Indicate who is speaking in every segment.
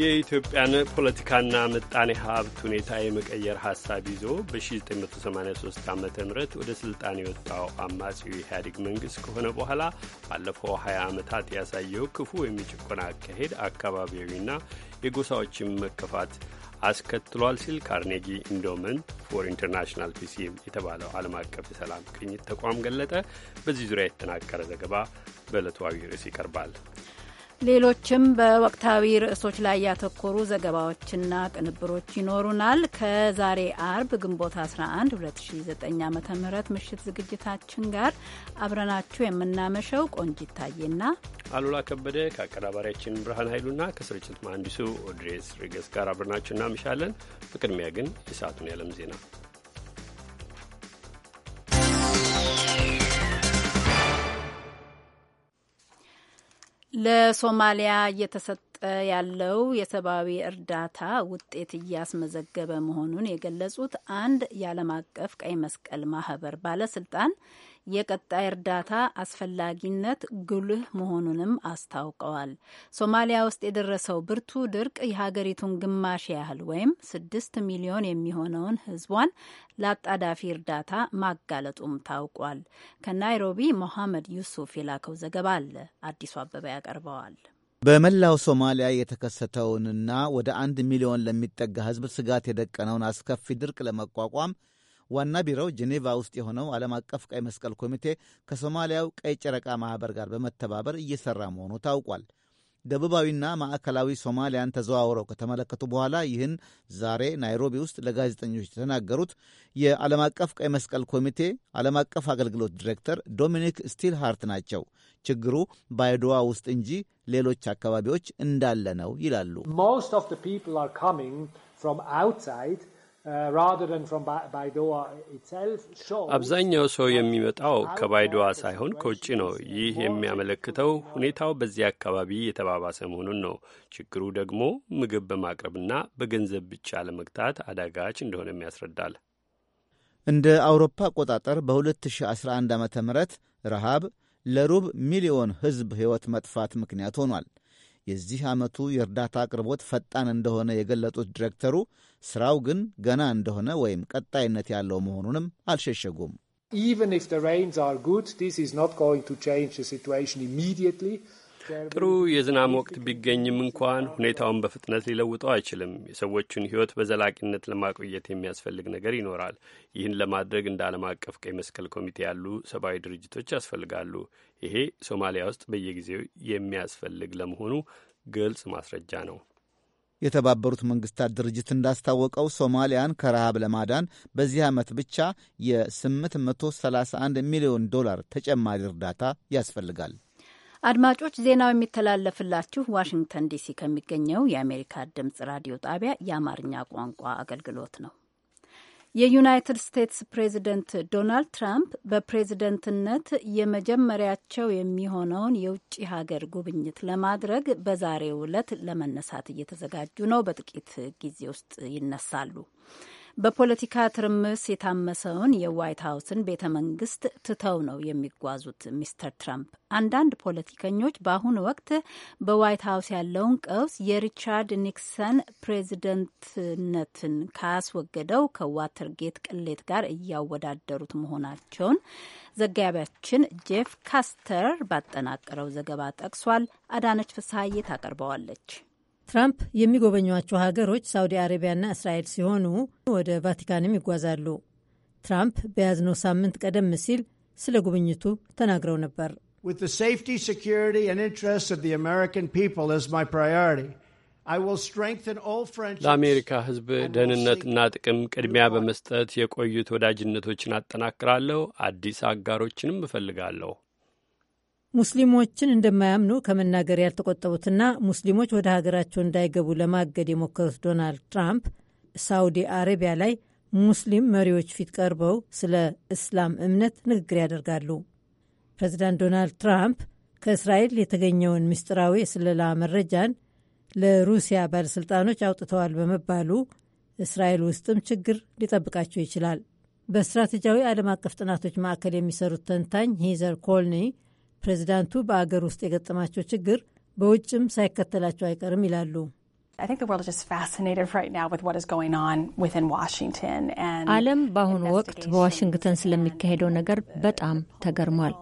Speaker 1: የኢትዮጵያን ፖለቲካና ምጣኔ ሀብት ሁኔታ የመቀየር ሀሳብ ይዞ በ1983 ዓ ም ወደ ስልጣን የወጣው አማጺው ኢህአዴግ መንግስት ከሆነ በኋላ ባለፈው 20 ዓመታት ያሳየው ክፉ የሚጭቆና አካሄድ አካባቢያዊና የጎሳዎችን መከፋት አስከትሏል ሲል ካርኔጊ ኢንዶመን ፎር ኢንተርናሽናል ፒሲም የተባለው ዓለም አቀፍ የሰላም ቅኝት ተቋም ገለጠ። በዚህ ዙሪያ የተጠናከረ ዘገባ በዕለቱ ርዕስ ይቀርባል።
Speaker 2: ሌሎችም በወቅታዊ ርዕሶች ላይ ያተኮሩ ዘገባዎችና ቅንብሮች ይኖሩናል። ከዛሬ አርብ ግንቦት 11 2009 ዓ ም ምሽት ዝግጅታችን ጋር አብረናችሁ የምናመሸው ቆንጂት ይታየና
Speaker 1: አሉላ ከበደ ከአቀናባሪያችን ብርሃን ኃይሉና ከስርጭት መሐንዲሱ ኦድሬስ ሪገስ ጋር አብረናችሁ እናመሻለን። በቅድሚያ ግን የሰዓቱን ያለም ዜና
Speaker 2: ለሶማሊያ እየተሰጠ ያለው የሰብአዊ እርዳታ ውጤት እያስመዘገበ መሆኑን የገለጹት አንድ የዓለም አቀፍ ቀይ መስቀል ማህበር ባለስልጣን የቀጣይ እርዳታ አስፈላጊነት ጉልህ መሆኑንም አስታውቀዋል። ሶማሊያ ውስጥ የደረሰው ብርቱ ድርቅ የሀገሪቱን ግማሽ ያህል ወይም ስድስት ሚሊዮን የሚሆነውን ህዝቧን ለአጣዳፊ እርዳታ ማጋለጡም ታውቋል። ከናይሮቢ ሞሐመድ ዩሱፍ የላከው ዘገባ አለ። አዲሱ አበባ ያቀርበዋል።
Speaker 3: በመላው ሶማሊያ የተከሰተውንና ወደ አንድ ሚሊዮን ለሚጠጋ ህዝብ ስጋት የደቀነውን አስከፊ ድርቅ ለመቋቋም ዋና ቢሮው ጄኔቫ ውስጥ የሆነው ዓለም አቀፍ ቀይ መስቀል ኮሚቴ ከሶማሊያው ቀይ ጨረቃ ማኅበር ጋር በመተባበር እየሠራ መሆኑ ታውቋል። ደቡባዊና ማዕከላዊ ሶማሊያን ተዘዋውረው ከተመለከቱ በኋላ ይህን ዛሬ ናይሮቢ ውስጥ ለጋዜጠኞች የተናገሩት የዓለም አቀፍ ቀይ መስቀል ኮሚቴ ዓለም አቀፍ አገልግሎት ዲሬክተር ዶሚኒክ ስቲልሃርት ናቸው። ችግሩ ባይዶዋ ውስጥ እንጂ ሌሎች አካባቢዎች እንዳለ ነው ይላሉ።
Speaker 1: ሞስት ኦፍ ፒፕል አር ካሚንግ ፍሮም አውትሳይድ Uh, አብዛኛው ሰው የሚመጣው ከባይዶዋ ሳይሆን ከውጭ ነው። ይህ የሚያመለክተው ሁኔታው በዚህ አካባቢ የተባባሰ መሆኑን ነው። ችግሩ ደግሞ ምግብ በማቅረብና በገንዘብ ብቻ ለመግታት አዳጋች እንደሆነም ያስረዳል።
Speaker 3: እንደ አውሮፓ አቆጣጠር በ2011 ዓ ም ረሃብ ለሩብ ሚሊዮን ሕዝብ ሕይወት መጥፋት ምክንያት ሆኗል። የዚህ ዓመቱ የእርዳታ አቅርቦት ፈጣን እንደሆነ የገለጡት ዲሬክተሩ ስራው ግን ገና እንደሆነ ወይም ቀጣይነት ያለው መሆኑንም አልሸሸጉም።
Speaker 1: ጥሩ የዝናብ ወቅት ቢገኝም እንኳን ሁኔታውን በፍጥነት ሊለውጠው አይችልም። የሰዎቹን ሕይወት በዘላቂነት ለማቆየት የሚያስፈልግ ነገር ይኖራል። ይህን ለማድረግ እንደ ዓለም አቀፍ ቀይ መስቀል ኮሚቴ ያሉ ሰብአዊ ድርጅቶች ያስፈልጋሉ። ይሄ ሶማሊያ ውስጥ በየጊዜው የሚያስፈልግ ለመሆኑ ግልጽ ማስረጃ ነው።
Speaker 3: የተባበሩት መንግስታት ድርጅት እንዳስታወቀው ሶማሊያን ከረሃብ ለማዳን በዚህ ዓመት ብቻ የ831 ሚሊዮን ዶላር ተጨማሪ እርዳታ ያስፈልጋል።
Speaker 2: አድማጮች ዜናው የሚተላለፍላችሁ ዋሽንግተን ዲሲ ከሚገኘው የአሜሪካ ድምጽ ራዲዮ ጣቢያ የአማርኛ ቋንቋ አገልግሎት ነው። የዩናይትድ ስቴትስ ፕሬዚደንት ዶናልድ ትራምፕ በፕሬዝደንትነት የመጀመሪያቸው የሚሆነውን የውጭ ሀገር ጉብኝት ለማድረግ በዛሬው ዕለት ለመነሳት እየተዘጋጁ ነው። በጥቂት ጊዜ ውስጥ ይነሳሉ። በፖለቲካ ትርምስ የታመሰውን የዋይት ሀውስን ቤተ መንግስት ትተው ነው የሚጓዙት ሚስተር ትራምፕ። አንዳንድ ፖለቲከኞች በአሁኑ ወቅት በዋይት ሀውስ ያለውን ቀውስ የሪቻርድ ኒክሰን ፕሬዚደንትነትን ካስወገደው ከዋተርጌት ቅሌት ጋር እያወዳደሩት መሆናቸውን ዘጋቢያችን ጄፍ ካስተር ባጠናቀረው ዘገባ ጠቅሷል። አዳነች
Speaker 4: ፍስሀዬ ታቀርበዋለች። ትራምፕ የሚጎበኟቸው ሀገሮች ሳውዲ አረቢያና እስራኤል ሲሆኑ ወደ ቫቲካንም ይጓዛሉ። ትራምፕ በያዝነው ሳምንት ቀደም ሲል ስለ ጉብኝቱ ተናግረው ነበር።
Speaker 1: ለአሜሪካ ሕዝብ ደህንነትና ጥቅም ቅድሚያ በመስጠት የቆዩት ወዳጅነቶችን አጠናክራለሁ፣ አዲስ አጋሮችንም እፈልጋለሁ።
Speaker 4: ሙስሊሞችን እንደማያምኑ ከመናገር ያልተቆጠቡትና ሙስሊሞች ወደ ሀገራቸው እንዳይገቡ ለማገድ የሞከሩት ዶናልድ ትራምፕ ሳውዲ አረቢያ ላይ ሙስሊም መሪዎች ፊት ቀርበው ስለ እስላም እምነት ንግግር ያደርጋሉ። ፕሬዚዳንት ዶናልድ ትራምፕ ከእስራኤል የተገኘውን ምስጢራዊ የስለላ መረጃን ለሩሲያ ባለሥልጣኖች አውጥተዋል በመባሉ እስራኤል ውስጥም ችግር ሊጠብቃቸው ይችላል። በስትራቴጂያዊ ዓለም አቀፍ ጥናቶች ማዕከል የሚሰሩት ተንታኝ ሂዘር ኮልኒ ፕሬዚዳንቱ በአገር ውስጥ የገጠማቸው ችግር በውጭም ሳይከተላቸው አይቀርም ይላሉ።
Speaker 2: ዓለም በአሁኑ ወቅት በዋሽንግተን ስለሚካሄደው ነገር በጣም ተገርሟል።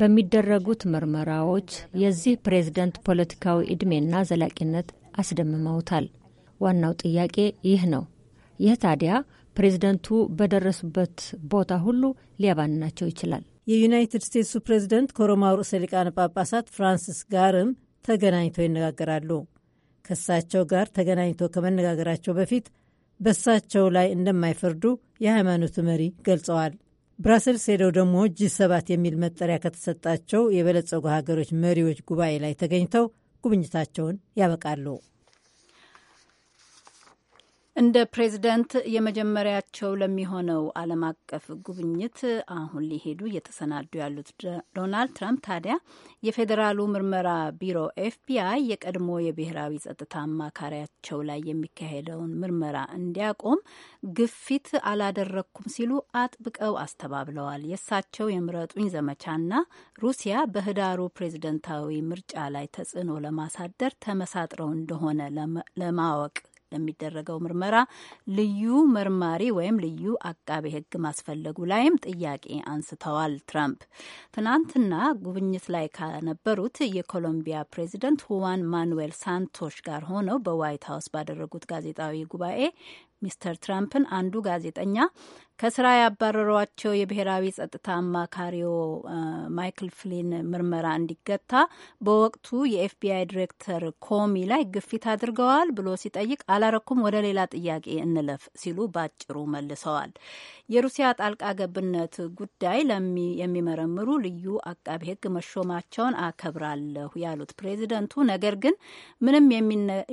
Speaker 2: በሚደረጉት ምርመራዎች የዚህ ፕሬዝደንት ፖለቲካዊ ዕድሜና ዘላቂነት አስደምመውታል። ዋናው ጥያቄ ይህ ነው። ይህ ታዲያ ፕሬዝደንቱ በደረሱበት ቦታ ሁሉ ሊያባንናቸው ይችላል።
Speaker 4: የዩናይትድ ስቴትሱ ፕሬዚደንት ከሮማው ርዕሰ ሊቃነ ጳጳሳት ፍራንሲስ ጋርም ተገናኝተው ይነጋገራሉ። ከእሳቸው ጋር ተገናኝቶ ከመነጋገራቸው በፊት በእሳቸው ላይ እንደማይፈርዱ የሃይማኖቱ መሪ ገልጸዋል። ብራሰልስ ሄደው ደግሞ ጂ ሰባት የሚል መጠሪያ ከተሰጣቸው የበለጸጉ ሀገሮች መሪዎች ጉባኤ ላይ ተገኝተው ጉብኝታቸውን ያበቃሉ። እንደ
Speaker 2: ፕሬዝደንት የመጀመሪያቸው ለሚሆነው ዓለም አቀፍ ጉብኝት አሁን ሊሄዱ እየተሰናዱ ያሉት ዶናልድ ትራምፕ ታዲያ የፌዴራሉ ምርመራ ቢሮ ኤፍቢአይ የቀድሞ የብሔራዊ ጸጥታ አማካሪያቸው ላይ የሚካሄደውን ምርመራ እንዲያቆም ግፊት አላደረግኩም ሲሉ አጥብቀው አስተባብለዋል። የእሳቸው የምረጡኝ ዘመቻና ሩሲያ በህዳሩ ፕሬዝደንታዊ ምርጫ ላይ ተጽዕኖ ለማሳደር ተመሳጥረው እንደሆነ ለማወቅ ለሚደረገው ምርመራ ልዩ መርማሪ ወይም ልዩ አቃቤ ሕግ ማስፈለጉ ላይም ጥያቄ አንስተዋል። ትራምፕ ትናንትና ጉብኝት ላይ ከነበሩት የኮሎምቢያ ፕሬዚደንት ሁዋን ማኑዌል ሳንቶሽ ጋር ሆነው በዋይት ሀውስ ባደረጉት ጋዜጣዊ ጉባኤ ሚስተር ትራምፕን አንዱ ጋዜጠኛ ከስራ ያባረሯቸው የብሔራዊ ጸጥታ አማካሪው ማይክል ፍሊን ምርመራ እንዲገታ በወቅቱ የኤፍቢአይ ዲሬክተር ኮሚ ላይ ግፊት አድርገዋል ብሎ ሲጠይቅ አላረኩም፣ ወደ ሌላ ጥያቄ እንለፍ ሲሉ ባጭሩ መልሰዋል። የሩሲያ ጣልቃ ገብነት ጉዳይ የሚመረምሩ ልዩ አቃቢ ሕግ መሾማቸውን አከብራለሁ ያሉት ፕሬዚደንቱ፣ ነገር ግን ምንም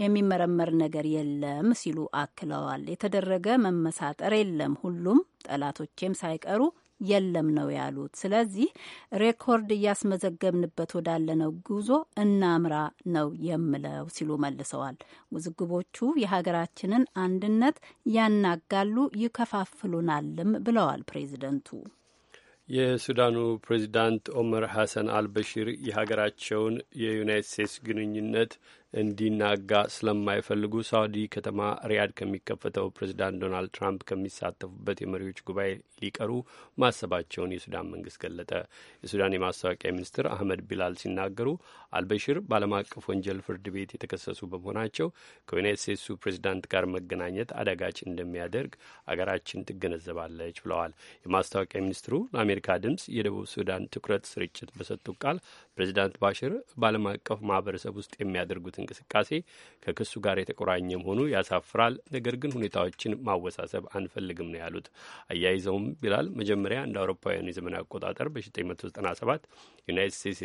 Speaker 2: የሚመረመር ነገር የለም ሲሉ አክለዋል። የተደረገ መመሳጠር የለም ሁሉም ጠላቶቼም ሳይቀሩ የለም ነው ያሉት። ስለዚህ ሬኮርድ እያስመዘገብንበት ወዳለነው ጉዞ እናምራ ነው የምለው ሲሉ መልሰዋል። ውዝግቦቹ የሀገራችንን አንድነት ያናጋሉ፣ ይከፋፍሉናልም ብለዋል ፕሬዚደንቱ።
Speaker 1: የሱዳኑ ፕሬዚዳንት ኦመር ሐሰን አልበሺር የሀገራቸውን የዩናይት ስቴትስ ግንኙነት እንዲናጋ ስለማይፈልጉ ሳውዲ ከተማ ሪያድ ከሚከፈተው ፕሬዚዳንት ዶናልድ ትራምፕ ከሚሳተፉበት የመሪዎች ጉባኤ ሊቀሩ ማሰባቸውን የሱዳን መንግስት ገለጠ። የሱዳን የማስታወቂያ ሚኒስትር አህመድ ቢላል ሲናገሩ አልበሽር በዓለም አቀፍ ወንጀል ፍርድ ቤት የተከሰሱ በመሆናቸው ከዩናይት ስቴትሱ ፕሬዚዳንት ጋር መገናኘት አዳጋች እንደሚያደርግ አገራችን ትገነዘባለች ብለዋል። የማስታወቂያ ሚኒስትሩ ለአሜሪካ ድምፅ የደቡብ ሱዳን ትኩረት ስርጭት በሰጡት ቃል ፕሬዚዳንት ባሽር በዓለም አቀፍ ማህበረሰብ ውስጥ የሚያደርጉት እንቅስቃሴ ከክሱ ጋር የተቆራኘ መሆኑ ያሳፍራል፣ ነገር ግን ሁኔታዎችን ማወሳሰብ አንፈልግም ነው ያሉት። አያይዘውም ይላል መጀመሪያ እንደ አውሮፓውያኑ የዘመን አቆጣጠር በ1997 ዩናይት ስቴትስ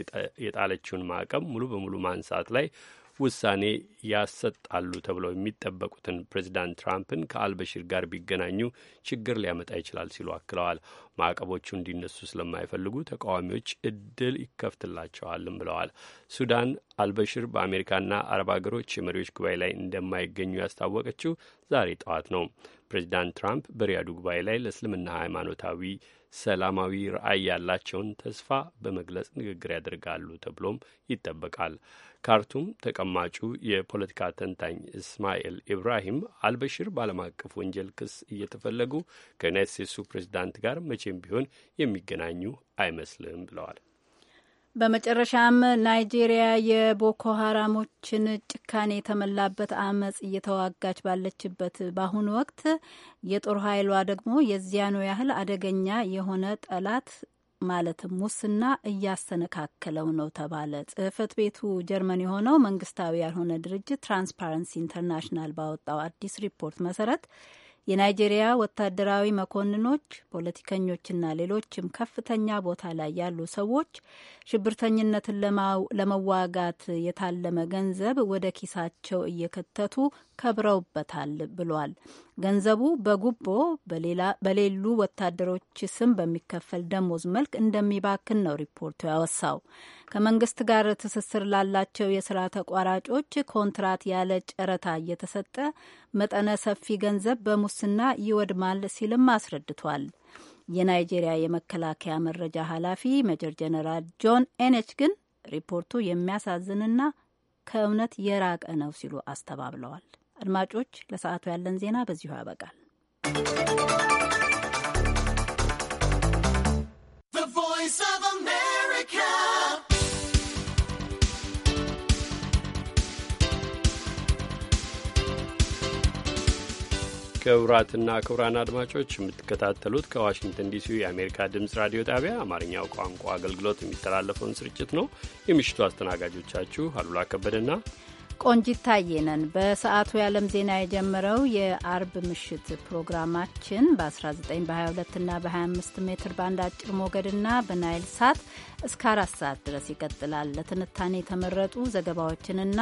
Speaker 1: የጣለችውን ማዕቀብ ቀን ሙሉ በሙሉ ማንሳት ላይ ውሳኔ ያሰጣሉ ተብለው የሚጠበቁትን ፕሬዚዳንት ትራምፕን ከአልበሽር ጋር ቢገናኙ ችግር ሊያመጣ ይችላል ሲሉ አክለዋል። ማዕቀቦቹ እንዲነሱ ስለማይፈልጉ ተቃዋሚዎች እድል ይከፍትላቸዋልም ብለዋል። ሱዳን አልበሽር በአሜሪካና አረብ ሀገሮች የመሪዎች ጉባኤ ላይ እንደማይገኙ ያስታወቀችው ዛሬ ጠዋት ነው። ፕሬዚዳንት ትራምፕ በሪያዱ ጉባኤ ላይ ለእስልምና ሃይማኖታዊ ሰላማዊ ራዕይ ያላቸውን ተስፋ በመግለጽ ንግግር ያደርጋሉ ተብሎም ይጠበቃል። ካርቱም ተቀማጩ የፖለቲካ ተንታኝ እስማኤል ኢብራሂም አልበሽር በዓለም አቀፍ ወንጀል ክስ እየተፈለጉ ከዩናይት ስቴትሱ ፕሬዚዳንት ጋር መቼም ቢሆን የሚገናኙ አይመስልም ብለዋል።
Speaker 2: በመጨረሻም ናይጄሪያ የቦኮ ሀራሞችን ጭካኔ የተመላበት አመጽ እየተዋጋች ባለችበት በአሁኑ ወቅት የጦር ኃይሏ ደግሞ የዚያኑ ያህል አደገኛ የሆነ ጠላት ማለትም ሙስና እያስተነካከለው ነው ተባለ። ጽህፈት ቤቱ ጀርመን የሆነው መንግስታዊ ያልሆነ ድርጅት ትራንስፓረንሲ ኢንተርናሽናል ባወጣው አዲስ ሪፖርት መሰረት የናይጄሪያ ወታደራዊ መኮንኖች፣ ፖለቲከኞችና ሌሎችም ከፍተኛ ቦታ ላይ ያሉ ሰዎች ሽብርተኝነትን ለመዋጋት የታለመ ገንዘብ ወደ ኪሳቸው እየከተቱ ከብረውበታል ብሏል። ገንዘቡ በጉቦ በሌሉ ወታደሮች ስም በሚከፈል ደሞዝ መልክ እንደሚባክን ነው ሪፖርቱ ያወሳው። ከመንግስት ጋር ትስስር ላላቸው የስራ ተቋራጮች ኮንትራት ያለ ጨረታ እየተሰጠ መጠነ ሰፊ ገንዘብ በሙስና ይወድማል ሲልም አስረድቷል። የናይጄሪያ የመከላከያ መረጃ ኃላፊ ሜጀር ጀነራል ጆን ኤነች ግን ሪፖርቱ የሚያሳዝንና ከእውነት የራቀ ነው ሲሉ አስተባብለዋል። አድማጮች፣ ለሰዓቱ ያለን ዜና በዚሁ ያበቃል።
Speaker 1: ክቡራትና ክቡራን አድማጮች የምትከታተሉት ከዋሽንግተን ዲሲ የአሜሪካ ድምፅ ራዲዮ ጣቢያ አማርኛው ቋንቋ አገልግሎት የሚተላለፈውን ስርጭት ነው። የምሽቱ አስተናጋጆቻችሁ አሉላ ከበደና
Speaker 2: ቆንጂት ታየ ነን። በሰዓቱ የዓለም ዜና የጀመረው የአርብ ምሽት ፕሮግራማችን በ19 22 በ25 ሜትር ባንድ አጭር ሞገድና በናይል ሳት እስከ አራት ሰዓት ድረስ ይቀጥላል። ለትንታኔ የተመረጡ ዘገባዎችንና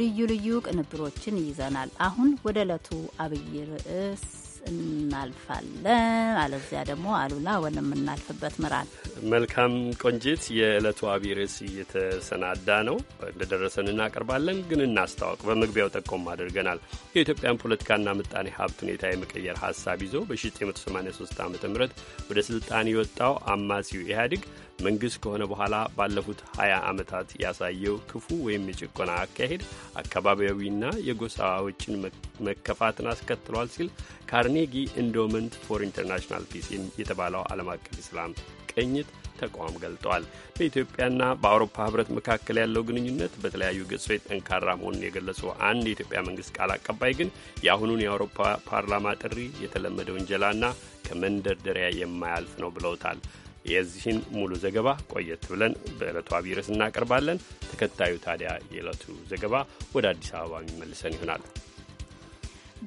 Speaker 2: ልዩ ልዩ ቅንብሮችን ይይዘናል። አሁን ወደ ዕለቱ አብይ ርዕስ እናልፋለን። አለዚያ ደግሞ አሉላ ወደምናልፍበት ምራል።
Speaker 1: መልካም ቆንጂት። የዕለቱ አብይ ርዕስ እየተሰናዳ ነው፣ እንደደረሰን እናቀርባለን። ግን እናስታወቅ፣ በመግቢያው ጠቆም አድርገናል። የኢትዮጵያን ፖለቲካና ምጣኔ ሀብት ሁኔታ የመቀየር ሀሳብ ይዞ በ1983 ዓ ም ወደ ስልጣን የወጣው አማጺው ኢህአዴግ መንግሥት ከሆነ በኋላ ባለፉት 20 ዓመታት ያሳየው ክፉ ወይም የጭቆና አካሄድ አካባቢያዊና የጎሳዎችን መከፋትን አስከትሏል ሲል ካርኔጊ ኢንዶመንት ፎር ኢንተርናሽናል ፒስ የተባለው ዓለም አቀፍ ሰላም ቅኝት ተቋም ገልጠዋል። በኢትዮጵያና በአውሮፓ ህብረት መካከል ያለው ግንኙነት በተለያዩ ገጾች ጠንካራ መሆኑን የገለጸው አንድ የኢትዮጵያ መንግስት ቃል አቀባይ ግን የአሁኑን የአውሮፓ ፓርላማ ጥሪ የተለመደ ውንጀላና ከመንደርደሪያ የማያልፍ ነው ብለውታል። የዚህን ሙሉ ዘገባ ቆየት ብለን በዕለቱ አብይ እናቀርባለን። ተከታዩ ታዲያ የዕለቱ ዘገባ ወደ አዲስ አበባ የሚመልሰን ይሆናል።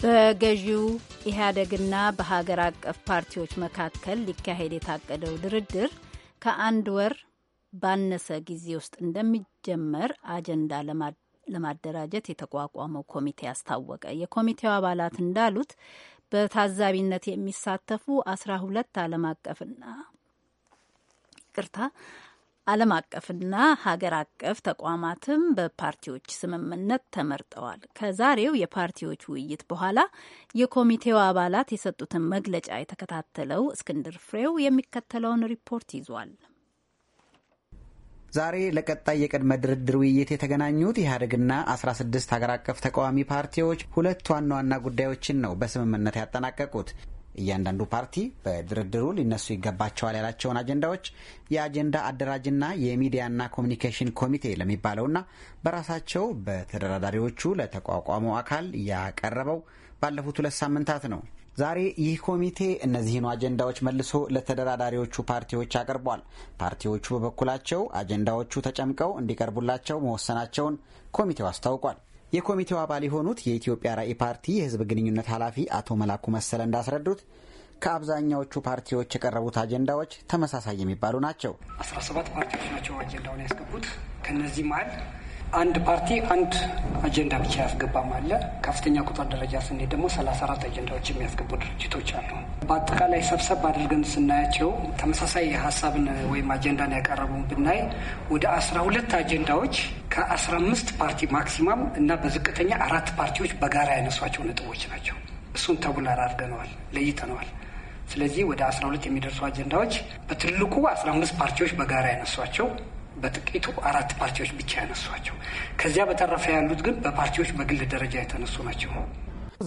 Speaker 2: በገዢው ኢህአዴግና በሀገር አቀፍ ፓርቲዎች መካከል ሊካሄድ የታቀደው ድርድር ከአንድ ወር ባነሰ ጊዜ ውስጥ እንደሚጀመር አጀንዳ ለማደራጀት የተቋቋመው ኮሚቴ አስታወቀ። የኮሚቴው አባላት እንዳሉት በታዛቢነት የሚሳተፉ አስራ ሁለት ዓለም አቀፍና ይቅርታ ዓለም አቀፍና ሀገር አቀፍ ተቋማትም በፓርቲዎች ስምምነት ተመርጠዋል። ከዛሬው የፓርቲዎች ውይይት በኋላ የኮሚቴው አባላት የሰጡትን መግለጫ የተከታተለው እስክንድር ፍሬው የሚከተለውን ሪፖርት ይዟል።
Speaker 5: ዛሬ ለቀጣይ የቅድመ ድርድር ውይይት የተገናኙት ኢህአዴግና 16 ሀገር አቀፍ ተቃዋሚ ፓርቲዎች ሁለት ዋና ዋና ጉዳዮችን ነው በስምምነት ያጠናቀቁት። እያንዳንዱ ፓርቲ በድርድሩ ሊነሱ ይገባቸዋል ያላቸውን አጀንዳዎች የአጀንዳ አደራጅና የሚዲያና ኮሚኒኬሽን ኮሚቴ ለሚባለውና በራሳቸው በተደራዳሪዎቹ ለተቋቋመው አካል ያቀረበው ባለፉት ሁለት ሳምንታት ነው። ዛሬ ይህ ኮሚቴ እነዚህኑ አጀንዳዎች መልሶ ለተደራዳሪዎቹ ፓርቲዎች አቅርቧል። ፓርቲዎቹ በበኩላቸው አጀንዳዎቹ ተጨምቀው እንዲቀርቡላቸው መወሰናቸውን ኮሚቴው አስታውቋል። የኮሚቴው አባል የሆኑት የኢትዮጵያ ራዕይ ፓርቲ የህዝብ ግንኙነት ኃላፊ አቶ መላኩ መሰለ እንዳስረዱት ከአብዛኛዎቹ ፓርቲዎች የቀረቡት አጀንዳዎች ተመሳሳይ የሚባሉ ናቸው።
Speaker 6: አስራ ሰባት ፓርቲዎች ናቸው አጀንዳውን ያስገቡት። ከነዚህ መሀል አንድ ፓርቲ አንድ አጀንዳ ብቻ ያስገባም አለ። ከፍተኛ ቁጥር ደረጃ ስንሄድ ደግሞ ሰላሳ አራት አጀንዳዎች የሚያስገቡ ድርጅቶች አሉ። በአጠቃላይ ሰብሰብ አድርገን ስናያቸው ተመሳሳይ ሀሳብን ወይም አጀንዳን ያቀረቡ ብናይ ወደ አስራ ሁለት አጀንዳዎች ከአስራ አምስት ፓርቲ ማክሲማም እና በዝቅተኛ አራት ፓርቲዎች በጋራ ያነሷቸው ነጥቦች ናቸው። እሱን ተቡላር አድርገነዋል፣ ለይተነዋል። ስለዚህ ወደ አስራ ሁለት የሚደርሱ አጀንዳዎች በትልቁ አስራ አምስት ፓርቲዎች በጋራ ያነሷቸው በጥቂቱ አራት ፓርቲዎች ብቻ ያነሷቸው። ከዚያ በተረፈ ያሉት ግን በፓርቲዎች በግል ደረጃ የተነሱ ናቸው።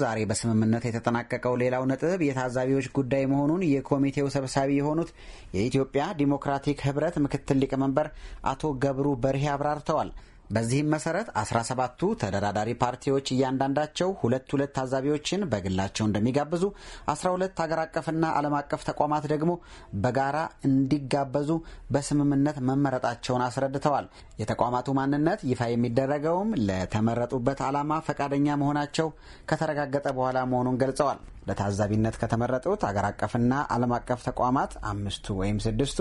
Speaker 5: ዛሬ በስምምነት የተጠናቀቀው ሌላው ነጥብ የታዛቢዎች ጉዳይ መሆኑን የኮሚቴው ሰብሳቢ የሆኑት የኢትዮጵያ ዲሞክራቲክ ህብረት ምክትል ሊቀመንበር አቶ ገብሩ በርሄ አብራርተዋል። በዚህም መሰረት 17ቱ ተደራዳሪ ፓርቲዎች እያንዳንዳቸው ሁለት ሁለት ታዛቢዎችን በግላቸው እንደሚጋብዙ፣ 12 ሀገር አቀፍና ዓለም አቀፍ ተቋማት ደግሞ በጋራ እንዲጋበዙ በስምምነት መመረጣቸውን አስረድተዋል። የተቋማቱ ማንነት ይፋ የሚደረገውም ለተመረጡበት ዓላማ ፈቃደኛ መሆናቸው ከተረጋገጠ በኋላ መሆኑን ገልጸዋል። ለታዛቢነት ከተመረጡት አገር አቀፍና ዓለም አቀፍ ተቋማት አምስቱ ወይም ስድስቱ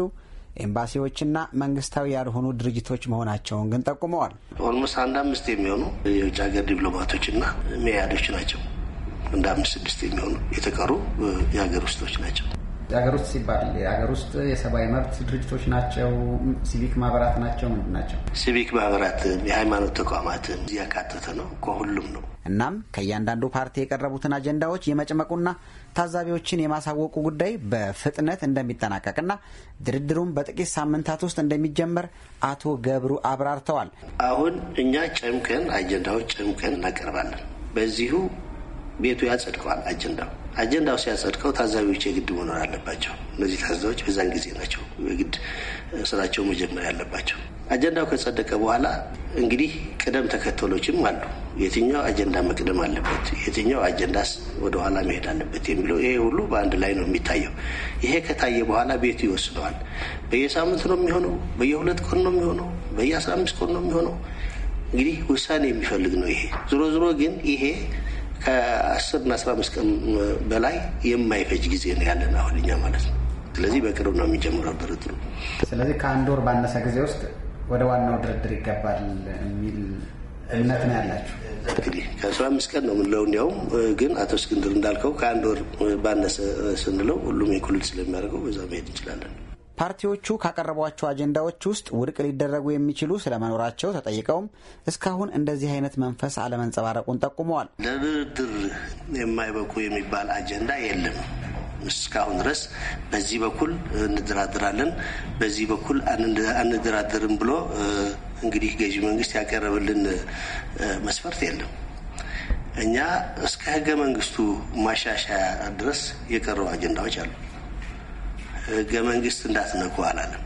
Speaker 5: ኤምባሲዎችና መንግስታዊ ያልሆኑ ድርጅቶች መሆናቸውን ግን ጠቁመዋል።
Speaker 7: ኦልሞስት አንድ አምስት የሚሆኑ የውጭ ሀገር ዲፕሎማቶችና መያዶች ናቸው። እንደ
Speaker 5: አምስት ስድስት የሚሆኑ የተቀሩ የሀገር ውስጦች ናቸው። የሀገር ውስጥ ሲባል የሀገር ውስጥ የሰብአዊ መብት ድርጅቶች ናቸው፣ ሲቪክ ማህበራት ናቸው፣ ምንድን ናቸው?
Speaker 7: ሲቪክ ማህበራት የሃይማኖት ተቋማትን እያካተተ ነው። ከሁሉም ነው።
Speaker 5: እናም ከእያንዳንዱ ፓርቲ የቀረቡትን አጀንዳዎች የመጭመቁና ታዛቢዎችን የማሳወቁ ጉዳይ በፍጥነት እንደሚጠናቀቅና ድርድሩም በጥቂት ሳምንታት ውስጥ እንደሚጀመር አቶ ገብሩ አብራርተዋል።
Speaker 7: አሁን እኛ ጨምቀን አጀንዳዎች ጨምቀን እናቀርባለን። በዚሁ ቤቱ ያጸድቀዋል አጀንዳው አጀንዳው ሲያጸድቀው ታዛቢዎች የግድ መኖር አለባቸው። እነዚህ ታዛቢዎች በዛን ጊዜ ናቸው የግድ ስራቸው መጀመር ያለባቸው። አጀንዳው ከጸደቀ በኋላ እንግዲህ ቅደም ተከተሎችም አሉ። የትኛው አጀንዳ መቅደም አለበት፣ የትኛው አጀንዳስ ወደኋላ መሄድ አለበት የሚለው ይሄ ሁሉ በአንድ ላይ ነው የሚታየው። ይሄ ከታየ በኋላ ቤቱ ይወስነዋል። በየሳምንት ነው የሚሆነው፣ በየሁለት ቀን ነው የሚሆነው፣ በየአስራ አምስት ቀን ነው የሚሆነው። እንግዲህ ውሳኔ የሚፈልግ ነው ይሄ ዞሮ ዞሮ ግን ይሄ ከአስርና አስራ አምስት ቀን በላይ የማይፈጅ ጊዜ ነው ያለን አሁን እኛ ማለት ነው። ስለዚህ በቅርብ ነው የሚጀምረው ድርድሩ። ስለዚህ
Speaker 5: ከአንድ ወር ባነሰ ጊዜ ውስጥ ወደ ዋናው ድርድር ይገባል የሚል እምነት ነው ያላችሁ?
Speaker 7: እንግዲህ ከአስራ አምስት ቀን ነው የምንለው። እንዲያውም ግን አቶ እስክንድር እንዳልከው ከአንድ ወር ባነሰ ስንለው ሁሉም የኩልል ስለሚያደርገው በዛ መሄድ እንችላለን።
Speaker 5: ፓርቲዎቹ ካቀረቧቸው አጀንዳዎች ውስጥ ውድቅ ሊደረጉ የሚችሉ ስለመኖራቸው ተጠይቀውም እስካሁን እንደዚህ አይነት መንፈስ አለመንጸባረቁን ጠቁመዋል።
Speaker 7: ለድርድር የማይበቁ የሚባል አጀንዳ የለም። እስካሁን ድረስ በዚህ በኩል እንደራደራለን፣ በዚህ በኩል አንደራደርም ብሎ እንግዲህ ገዢ መንግስት ያቀረብልን መስፈርት የለም። እኛ እስከ ህገ መንግስቱ ማሻሻያ ድረስ የቀረቡ አጀንዳዎች አሉ። ህገ መንግስት እንዳትነኩ አላለም።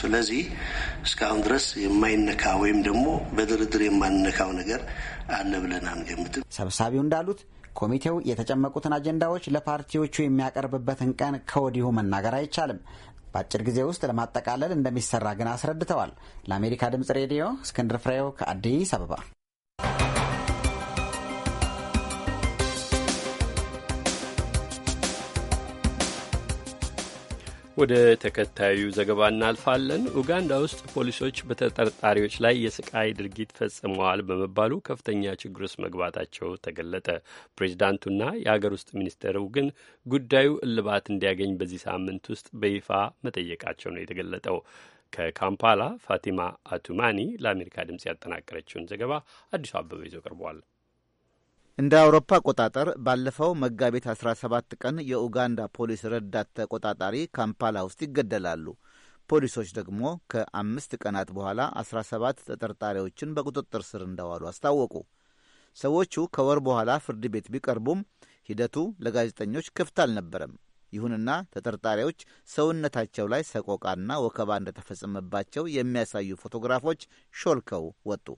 Speaker 7: ስለዚህ እስካሁን ድረስ የማይነካ ወይም ደግሞ በድርድር የማንነካው ነገር አለ ብለን አንገምትም።
Speaker 5: ሰብሳቢው እንዳሉት ኮሚቴው የተጨመቁትን አጀንዳዎች ለፓርቲዎቹ የሚያቀርብበትን ቀን ከወዲሁ መናገር አይቻልም። በአጭር ጊዜ ውስጥ ለማጠቃለል እንደሚሰራ ግን አስረድተዋል። ለአሜሪካ ድምጽ ሬዲዮ እስክንድር ፍሬው ከአዲስ አበባ
Speaker 1: ወደ ተከታዩ ዘገባ እናልፋለን። ኡጋንዳ ውስጥ ፖሊሶች በተጠርጣሪዎች ላይ የስቃይ ድርጊት ፈጽመዋል በመባሉ ከፍተኛ ችግር ውስጥ መግባታቸው ተገለጠ። ፕሬዚዳንቱና የአገር ውስጥ ሚኒስቴሩ ግን ጉዳዩ እልባት እንዲያገኝ በዚህ ሳምንት ውስጥ በይፋ መጠየቃቸው ነው የተገለጠው። ከካምፓላ ፋቲማ አቱማኒ ለአሜሪካ ድምፅ ያጠናቀረችውን ዘገባ አዲሱ አበበ ይዞ ቀርቧል።
Speaker 3: እንደ አውሮፓ አቆጣጠር ባለፈው መጋቢት 17 ቀን የኡጋንዳ ፖሊስ ረዳት ተቆጣጣሪ ካምፓላ ውስጥ ይገደላሉ። ፖሊሶች ደግሞ ከአምስት ቀናት በኋላ 17 ተጠርጣሪዎችን በቁጥጥር ስር እንዳዋሉ አስታወቁ። ሰዎቹ ከወር በኋላ ፍርድ ቤት ቢቀርቡም ሂደቱ ለጋዜጠኞች ክፍት አልነበረም። ይሁንና ተጠርጣሪዎች ሰውነታቸው ላይ ሰቆቃና ወከባ እንደተፈጸመባቸው የሚያሳዩ ፎቶግራፎች ሾልከው ወጡ።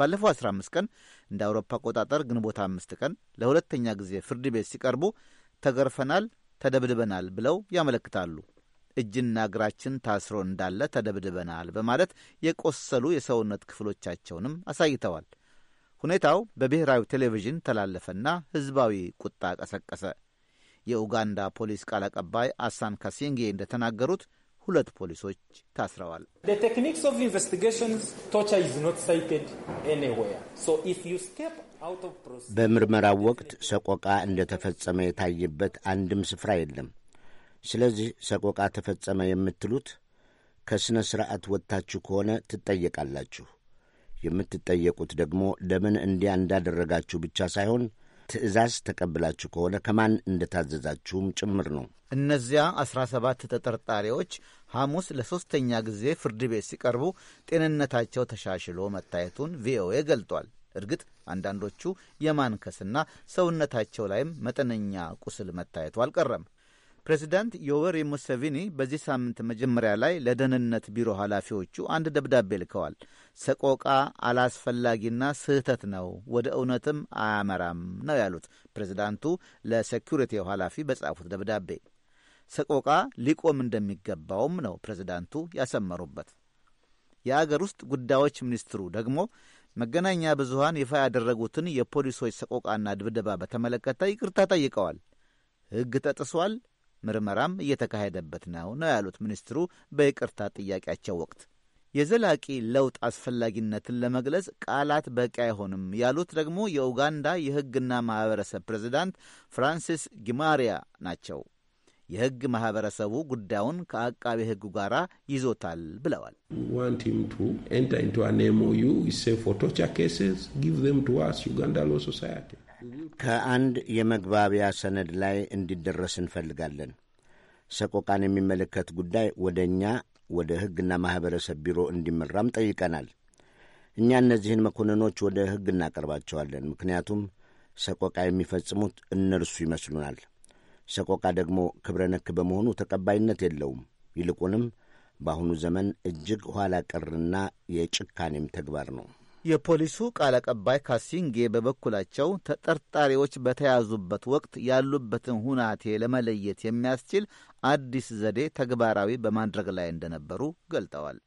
Speaker 3: ባለፈው 15 ቀን እንደ አውሮፓ አቆጣጠር ግንቦት አምስት ቀን ለሁለተኛ ጊዜ ፍርድ ቤት ሲቀርቡ ተገርፈናል፣ ተደብድበናል ብለው ያመለክታሉ። እጅና እግራችን ታስሮ እንዳለ ተደብድበናል በማለት የቆሰሉ የሰውነት ክፍሎቻቸውንም አሳይተዋል። ሁኔታው በብሔራዊ ቴሌቪዥን ተላለፈና ሕዝባዊ ቁጣ ቀሰቀሰ። የኡጋንዳ ፖሊስ ቃል አቀባይ አሳን ካሲንጌ እንደተናገሩት ሁለት ፖሊሶች ታስረዋል።
Speaker 8: በምርመራው ወቅት ሰቆቃ እንደተፈጸመ የታየበት አንድም ስፍራ የለም። ስለዚህ ሰቆቃ ተፈጸመ የምትሉት ከሥነ ሥርዓት ወጥታችሁ ከሆነ ትጠየቃላችሁ። የምትጠየቁት ደግሞ ለምን እንዲያ እንዳደረጋችሁ ብቻ ሳይሆን ትዕዛዝ ተቀብላችሁ ከሆነ ከማን እንደታዘዛችሁም ጭምር ነው።
Speaker 3: እነዚያ 17 ተጠርጣሪዎች ሐሙስ ለሦስተኛ ጊዜ ፍርድ ቤት ሲቀርቡ ጤንነታቸው ተሻሽሎ መታየቱን ቪኦኤ ገልጧል። እርግጥ አንዳንዶቹ የማንከስና ሰውነታቸው ላይም መጠነኛ ቁስል መታየቱ አልቀረም። ፕሬዚዳንት ዮወሪ ሙሴቪኒ በዚህ ሳምንት መጀመሪያ ላይ ለደህንነት ቢሮ ኃላፊዎቹ አንድ ደብዳቤ ልከዋል። ሰቆቃ አላስፈላጊና ስህተት ነው፣ ወደ እውነትም አያመራም ነው ያሉት ፕሬዚዳንቱ ለሴኩሪቲው ኃላፊ በጻፉት ደብዳቤ። ሰቆቃ ሊቆም እንደሚገባውም ነው ፕሬዚዳንቱ ያሰመሩበት። የአገር ውስጥ ጉዳዮች ሚኒስትሩ ደግሞ መገናኛ ብዙሃን ይፋ ያደረጉትን የፖሊሶች ሰቆቃና ድብደባ በተመለከተ ይቅርታ ጠይቀዋል። ሕግ ተጥሷል፣ ምርመራም እየተካሄደበት ነው ነው ያሉት ሚኒስትሩ በይቅርታ ጥያቄያቸው ወቅት። የዘላቂ ለውጥ አስፈላጊነትን ለመግለጽ ቃላት በቂ አይሆንም ያሉት ደግሞ የኡጋንዳ የሕግና ማኅበረሰብ ፕሬዚዳንት ፍራንሲስ ጊማሪያ ናቸው። የሕግ ማኅበረሰቡ ጉዳዩን ከአቃቢ ሕጉ ጋር ይዞታል
Speaker 9: ብለዋል።
Speaker 8: ከአንድ የመግባቢያ ሰነድ ላይ እንዲደረስ እንፈልጋለን። ሰቆቃን የሚመለከት ጉዳይ ወደ እኛ ወደ ሕግና ማኅበረሰብ ቢሮ እንዲመራም ጠይቀናል። እኛ እነዚህን መኮንኖች ወደ ሕግ እናቀርባቸዋለን። ምክንያቱም ሰቆቃ የሚፈጽሙት እነርሱ ይመስሉናል። ሰቆቃ ደግሞ ክብረ ነክ በመሆኑ ተቀባይነት የለውም። ይልቁንም በአሁኑ ዘመን እጅግ ኋላ ቀርና የጭካኔም ተግባር ነው።
Speaker 3: የፖሊሱ ቃል አቀባይ ካሲንጌ በበኩላቸው ተጠርጣሪዎች በተያዙበት ወቅት ያሉበትን ሁናቴ ለመለየት የሚያስችል አዲስ ዘዴ ተግባራዊ በማድረግ ላይ እንደነበሩ ገልጠዋል።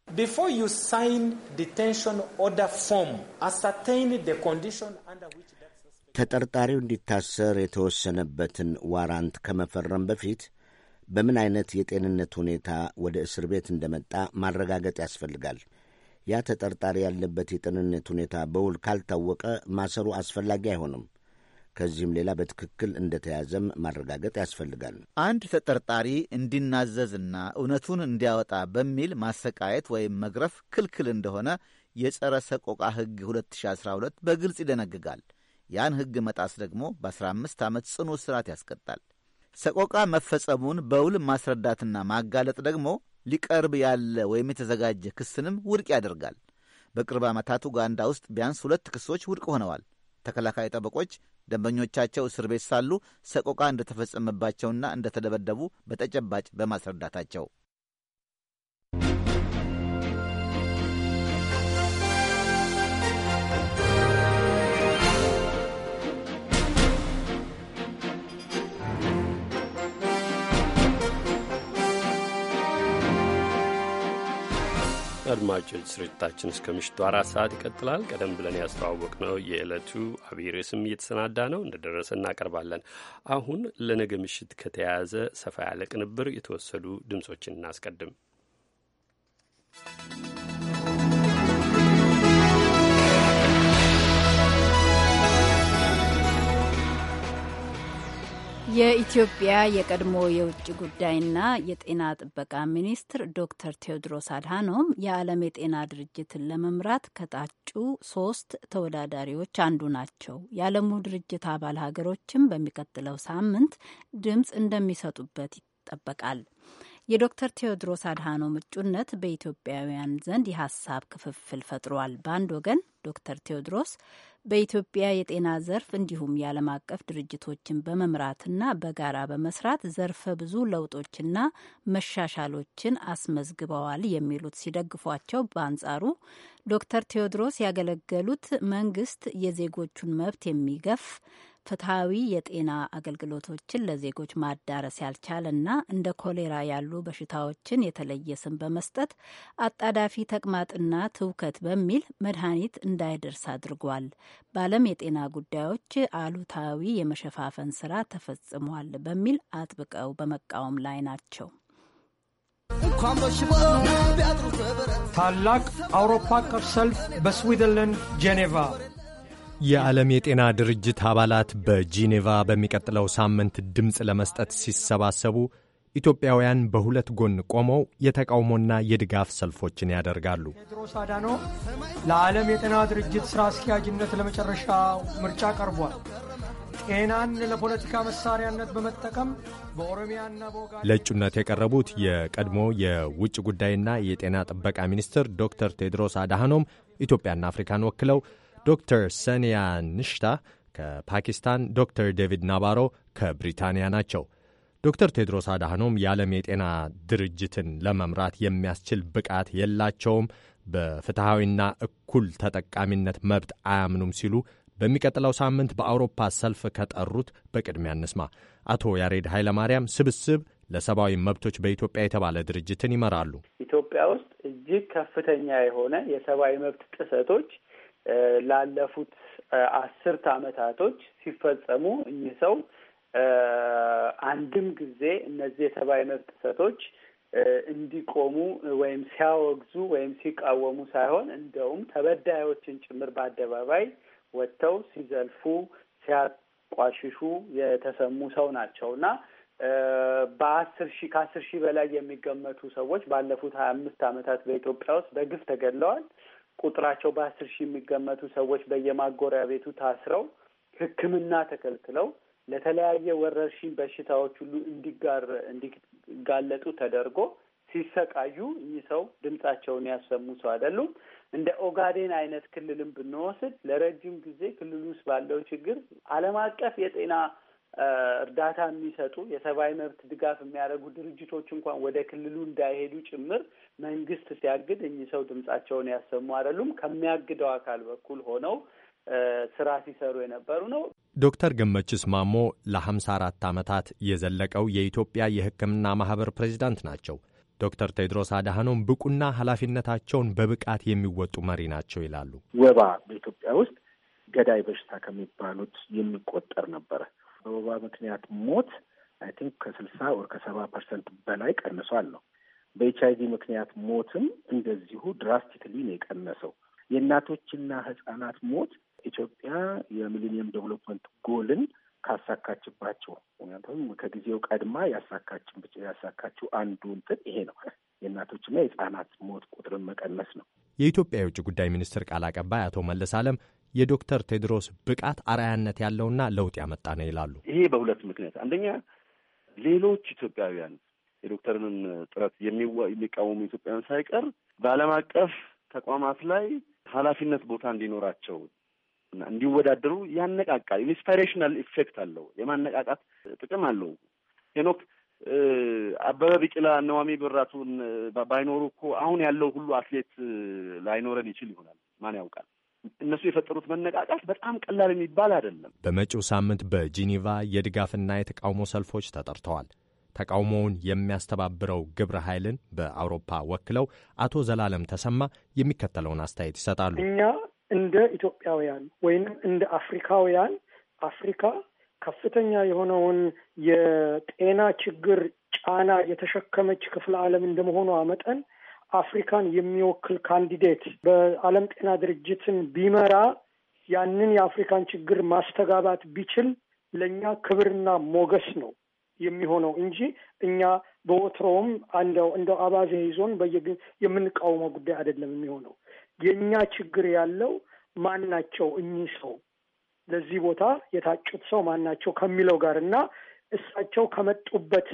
Speaker 8: ተጠርጣሪው እንዲታሰር የተወሰነበትን ዋራንት ከመፈረም በፊት በምን አይነት የጤንነት ሁኔታ ወደ እስር ቤት እንደመጣ ማረጋገጥ ያስፈልጋል። ያ ተጠርጣሪ ያለበት የጤንነት ሁኔታ በውል ካልታወቀ ማሰሩ አስፈላጊ አይሆንም። ከዚህም ሌላ በትክክል እንደተያዘም ማረጋገጥ ያስፈልጋል።
Speaker 3: አንድ ተጠርጣሪ እንዲናዘዝና እውነቱን እንዲያወጣ በሚል ማሰቃየት ወይም መግረፍ ክልክል እንደሆነ የጸረ ሰቆቃ ሕግ 2012 በግልጽ ይደነግጋል። ያን ሕግ መጣስ ደግሞ በ15 ዓመት ጽኑ እስራት ያስቀጣል። ሰቆቃ መፈጸሙን በውል ማስረዳትና ማጋለጥ ደግሞ ሊቀርብ ያለ ወይም የተዘጋጀ ክስንም ውድቅ ያደርጋል። በቅርብ ዓመታት ኡጋንዳ ውስጥ ቢያንስ ሁለት ክሶች ውድቅ ሆነዋል። ተከላካይ ጠበቆች ደንበኞቻቸው እስር ቤት ሳሉ ሰቆቃ እንደተፈጸመባቸውና እንደተደበደቡ በተጨባጭ በማስረዳታቸው
Speaker 1: አድማጮች ስርጭታችን እስከ ምሽቱ አራት ሰዓት ይቀጥላል። ቀደም ብለን ያስተዋወቅ ነው የዕለቱ አብይ ርዕስም እየተሰናዳ ነው፣ እንደደረሰ እናቀርባለን። አሁን ለነገ ምሽት ከተያያዘ ሰፋ ያለ ቅንብር የተወሰዱ ድምጾችን እናስቀድም።
Speaker 2: የኢትዮጵያ የቀድሞ የውጭ ጉዳይና የጤና ጥበቃ ሚኒስትር ዶክተር ቴዎድሮስ አድሃኖም የዓለም የጤና ድርጅትን ለመምራት ከታጩ ሶስት ተወዳዳሪዎች አንዱ ናቸው። የዓለሙ ድርጅት አባል ሀገሮችም በሚቀጥለው ሳምንት ድምፅ እንደሚሰጡበት ይጠበቃል። የዶክተር ቴዎድሮስ አድሃኖም እጩነት በኢትዮጵያውያን ዘንድ የሀሳብ ክፍፍል ፈጥሯል። በአንድ ወገን ዶክተር ቴዎድሮስ በኢትዮጵያ የጤና ዘርፍ እንዲሁም የዓለም አቀፍ ድርጅቶችን በመምራትና በጋራ በመስራት ዘርፈ ብዙ ለውጦችና መሻሻሎችን አስመዝግበዋል የሚሉት ሲደግፏቸው፣ በአንጻሩ ዶክተር ቴዎድሮስ ያገለገሉት መንግስት የዜጎቹን መብት የሚገፍ ፍትሐዊ የጤና አገልግሎቶችን ለዜጎች ማዳረስ ያልቻለና እንደ ኮሌራ ያሉ በሽታዎችን የተለየ ስም በመስጠት አጣዳፊ ተቅማጥና ትውከት በሚል መድኃኒት እንዳይደርስ አድርጓል። በዓለም የጤና ጉዳዮች አሉታዊ የመሸፋፈን ስራ ተፈጽሟል በሚል አጥብቀው በመቃወም ላይ ናቸው። ታላቅ አውሮፓ አቀፍ ሰልፍ በስዊዘርላንድ ጄኔቫ
Speaker 10: የዓለም የጤና ድርጅት አባላት በጂኔቫ በሚቀጥለው ሳምንት ድምፅ ለመስጠት ሲሰባሰቡ ኢትዮጵያውያን በሁለት ጎን ቆመው የተቃውሞና የድጋፍ ሰልፎችን ያደርጋሉ።
Speaker 6: ቴድሮስ አዳኖ ለዓለም የጤና ድርጅት ሥራ አስኪያጅነት ለመጨረሻ ምርጫ ቀርቧል። ጤናን ለፖለቲካ መሳሪያነት በመጠቀም በኦሮሚያና
Speaker 10: በኦጋዴን ለእጩነት የቀረቡት የቀድሞ የውጭ ጉዳይና የጤና ጥበቃ ሚኒስትር ዶክተር ቴድሮስ አድሃኖም ኢትዮጵያና አፍሪካን ወክለው ዶክተር ሰኒያ ንሽታ ከፓኪስታን፣ ዶክተር ዴቪድ ናባሮ ከብሪታንያ ናቸው። ዶክተር ቴድሮስ አድሃኖም የዓለም የጤና ድርጅትን ለመምራት የሚያስችል ብቃት የላቸውም፣ በፍትሐዊና እኩል ተጠቃሚነት መብት አያምኑም ሲሉ በሚቀጥለው ሳምንት በአውሮፓ ሰልፍ ከጠሩት በቅድሚያ እንስማ። አቶ ያሬድ ኃይለማርያም ስብስብ ለሰብአዊ መብቶች በኢትዮጵያ የተባለ ድርጅትን ይመራሉ።
Speaker 11: ኢትዮጵያ ውስጥ እጅግ ከፍተኛ የሆነ የሰብአዊ መብት ጥሰቶች ላለፉት አስርት አመታቶች ሲፈጸሙ እኚህ ሰው አንድም ጊዜ እነዚህ የሰብአዊ መብት ጥሰቶች እንዲቆሙ ወይም ሲያወግዙ ወይም ሲቃወሙ ሳይሆን እንደውም ተበዳዮችን ጭምር በአደባባይ ወጥተው ሲዘልፉ፣ ሲያቋሽሹ የተሰሙ ሰው ናቸው እና በአስር ሺህ ከአስር ሺህ በላይ የሚገመቱ ሰዎች ባለፉት ሀያ አምስት አመታት በኢትዮጵያ ውስጥ በግፍ ተገድለዋል። ቁጥራቸው በአስር ሺህ የሚገመቱ ሰዎች በየማጎሪያ ቤቱ ታስረው ሕክምና ተከልክለው ለተለያየ ወረርሽኝ በሽታዎች ሁሉ እንዲጋር እንዲጋለጡ ተደርጎ ሲሰቃዩ እኚህ ሰው ድምጻቸውን ያሰሙ ሰው አይደሉም። እንደ ኦጋዴን አይነት ክልልም ብንወስድ ለረጅም ጊዜ ክልል ውስጥ ባለው ችግር ዓለም አቀፍ የጤና እርዳታ የሚሰጡ የሰብአዊ መብት ድጋፍ የሚያደርጉ ድርጅቶች እንኳን ወደ ክልሉ እንዳይሄዱ ጭምር መንግስት ሲያግድ እኚህ ሰው ድምጻቸውን ያሰሙ አይደሉም። ከሚያግደው አካል በኩል ሆነው ስራ ሲሰሩ የነበሩ ነው።
Speaker 10: ዶክተር ገመችስ ማሞ ለሀምሳ አራት ዓመታት የዘለቀው የኢትዮጵያ የሕክምና ማህበር ፕሬዚዳንት ናቸው። ዶክተር ቴድሮስ አድሃኖም ብቁና ኃላፊነታቸውን በብቃት የሚወጡ መሪ ናቸው ይላሉ።
Speaker 12: ወባ በኢትዮጵያ ውስጥ ገዳይ በሽታ ከሚባሉት የሚቆጠር ነበረ። በወባ ምክንያት ሞት አይ ቲንክ ከስልሳ ወር ከሰባ ፐርሰንት በላይ ቀንሷል ነው። በኤች አይቪ ምክንያት ሞትም እንደዚሁ ድራስቲክሊ ነው የቀነሰው። የእናቶችና ህጻናት ሞት ኢትዮጵያ የሚሊኒየም ዴቨሎፕመንት ጎልን ካሳካችባቸው ምክንያቱም ከጊዜው ቀድማ ያሳካችን ያሳካችው አንዱ እንትን ይሄ ነው የእናቶችና የህጻናት ሞት ቁጥርን መቀነስ ነው።
Speaker 10: የኢትዮጵያ የውጭ ጉዳይ ሚኒስትር ቃል አቀባይ አቶ መለስ አለም የዶክተር ቴድሮስ ብቃት አርአያነት ያለውና ለውጥ ያመጣ ነው ይላሉ።
Speaker 12: ይሄ በሁለት ምክንያት፣ አንደኛ ሌሎች ኢትዮጵያውያን የዶክተርንን ጥረት የሚቃወሙ ኢትዮጵያውያን ሳይቀር በዓለም አቀፍ ተቋማት ላይ ኃላፊነት ቦታ እንዲኖራቸው እና እንዲወዳደሩ ያነቃቃል። ኢንስፓሬሽናል ኢፌክት አለው፣ የማነቃቃት ጥቅም አለው። ሄኖክ አበበ ቢቂላ ነዋሚ ብራቱን ባይኖሩ እኮ አሁን ያለው ሁሉ አትሌት ላይኖረን ይችል ይሆናል። ማን ያውቃል? እነሱ የፈጠሩት መነቃቃት በጣም ቀላል የሚባል አይደለም።
Speaker 10: በመጪው ሳምንት በጂኒቫ የድጋፍና የተቃውሞ ሰልፎች ተጠርተዋል። ተቃውሞውን የሚያስተባብረው ግብረ ኃይልን በአውሮፓ ወክለው አቶ ዘላለም ተሰማ የሚከተለውን አስተያየት ይሰጣሉ።
Speaker 6: እኛ እንደ ኢትዮጵያውያን ወይንም እንደ አፍሪካውያን አፍሪካ ከፍተኛ የሆነውን የጤና ችግር ጫና የተሸከመች ክፍለ ዓለም እንደመሆኗ መጠን አፍሪካን የሚወክል ካንዲዴት በዓለም ጤና ድርጅትን ቢመራ ያንን የአፍሪካን ችግር ማስተጋባት ቢችል ለእኛ ክብርና ሞገስ ነው የሚሆነው እንጂ እኛ በወትሮውም እንደው እንደው አባዜ ይዞን በየግ የምንቃወመው ጉዳይ አይደለም የሚሆነው። የእኛ ችግር ያለው ማን ናቸው እኚህ ሰው ለዚህ ቦታ የታጩት ሰው ማን ናቸው ከሚለው ጋር እና እሳቸው ከመጡበት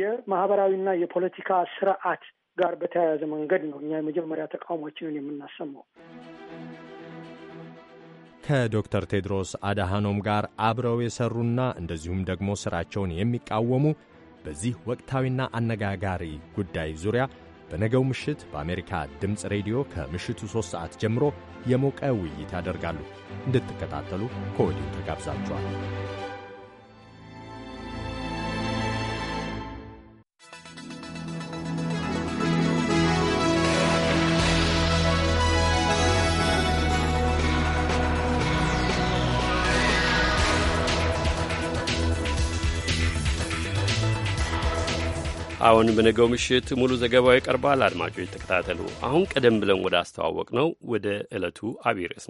Speaker 6: የማህበራዊና የፖለቲካ ስርዓት ጋር በተያያዘ መንገድ ነው እኛ የመጀመሪያ ተቃውሟችንን የምናሰማው።
Speaker 10: ከዶክተር ቴድሮስ አድሃኖም ጋር አብረው የሰሩና እንደዚሁም ደግሞ ስራቸውን የሚቃወሙ በዚህ ወቅታዊና አነጋጋሪ ጉዳይ ዙሪያ በነገው ምሽት በአሜሪካ ድምፅ ሬዲዮ ከምሽቱ ሦስት ሰዓት ጀምሮ የሞቀ ውይይት ያደርጋሉ። እንድትከታተሉ ከወዲሁ ተጋብዛችኋል።
Speaker 1: አሁን በነገው ምሽት ሙሉ ዘገባው ይቀርባል። አድማጮች ተከታተሉ። አሁን ቀደም ብለን ወደ አስተዋወቅ ነው ወደ ዕለቱ አብይ ርዕስ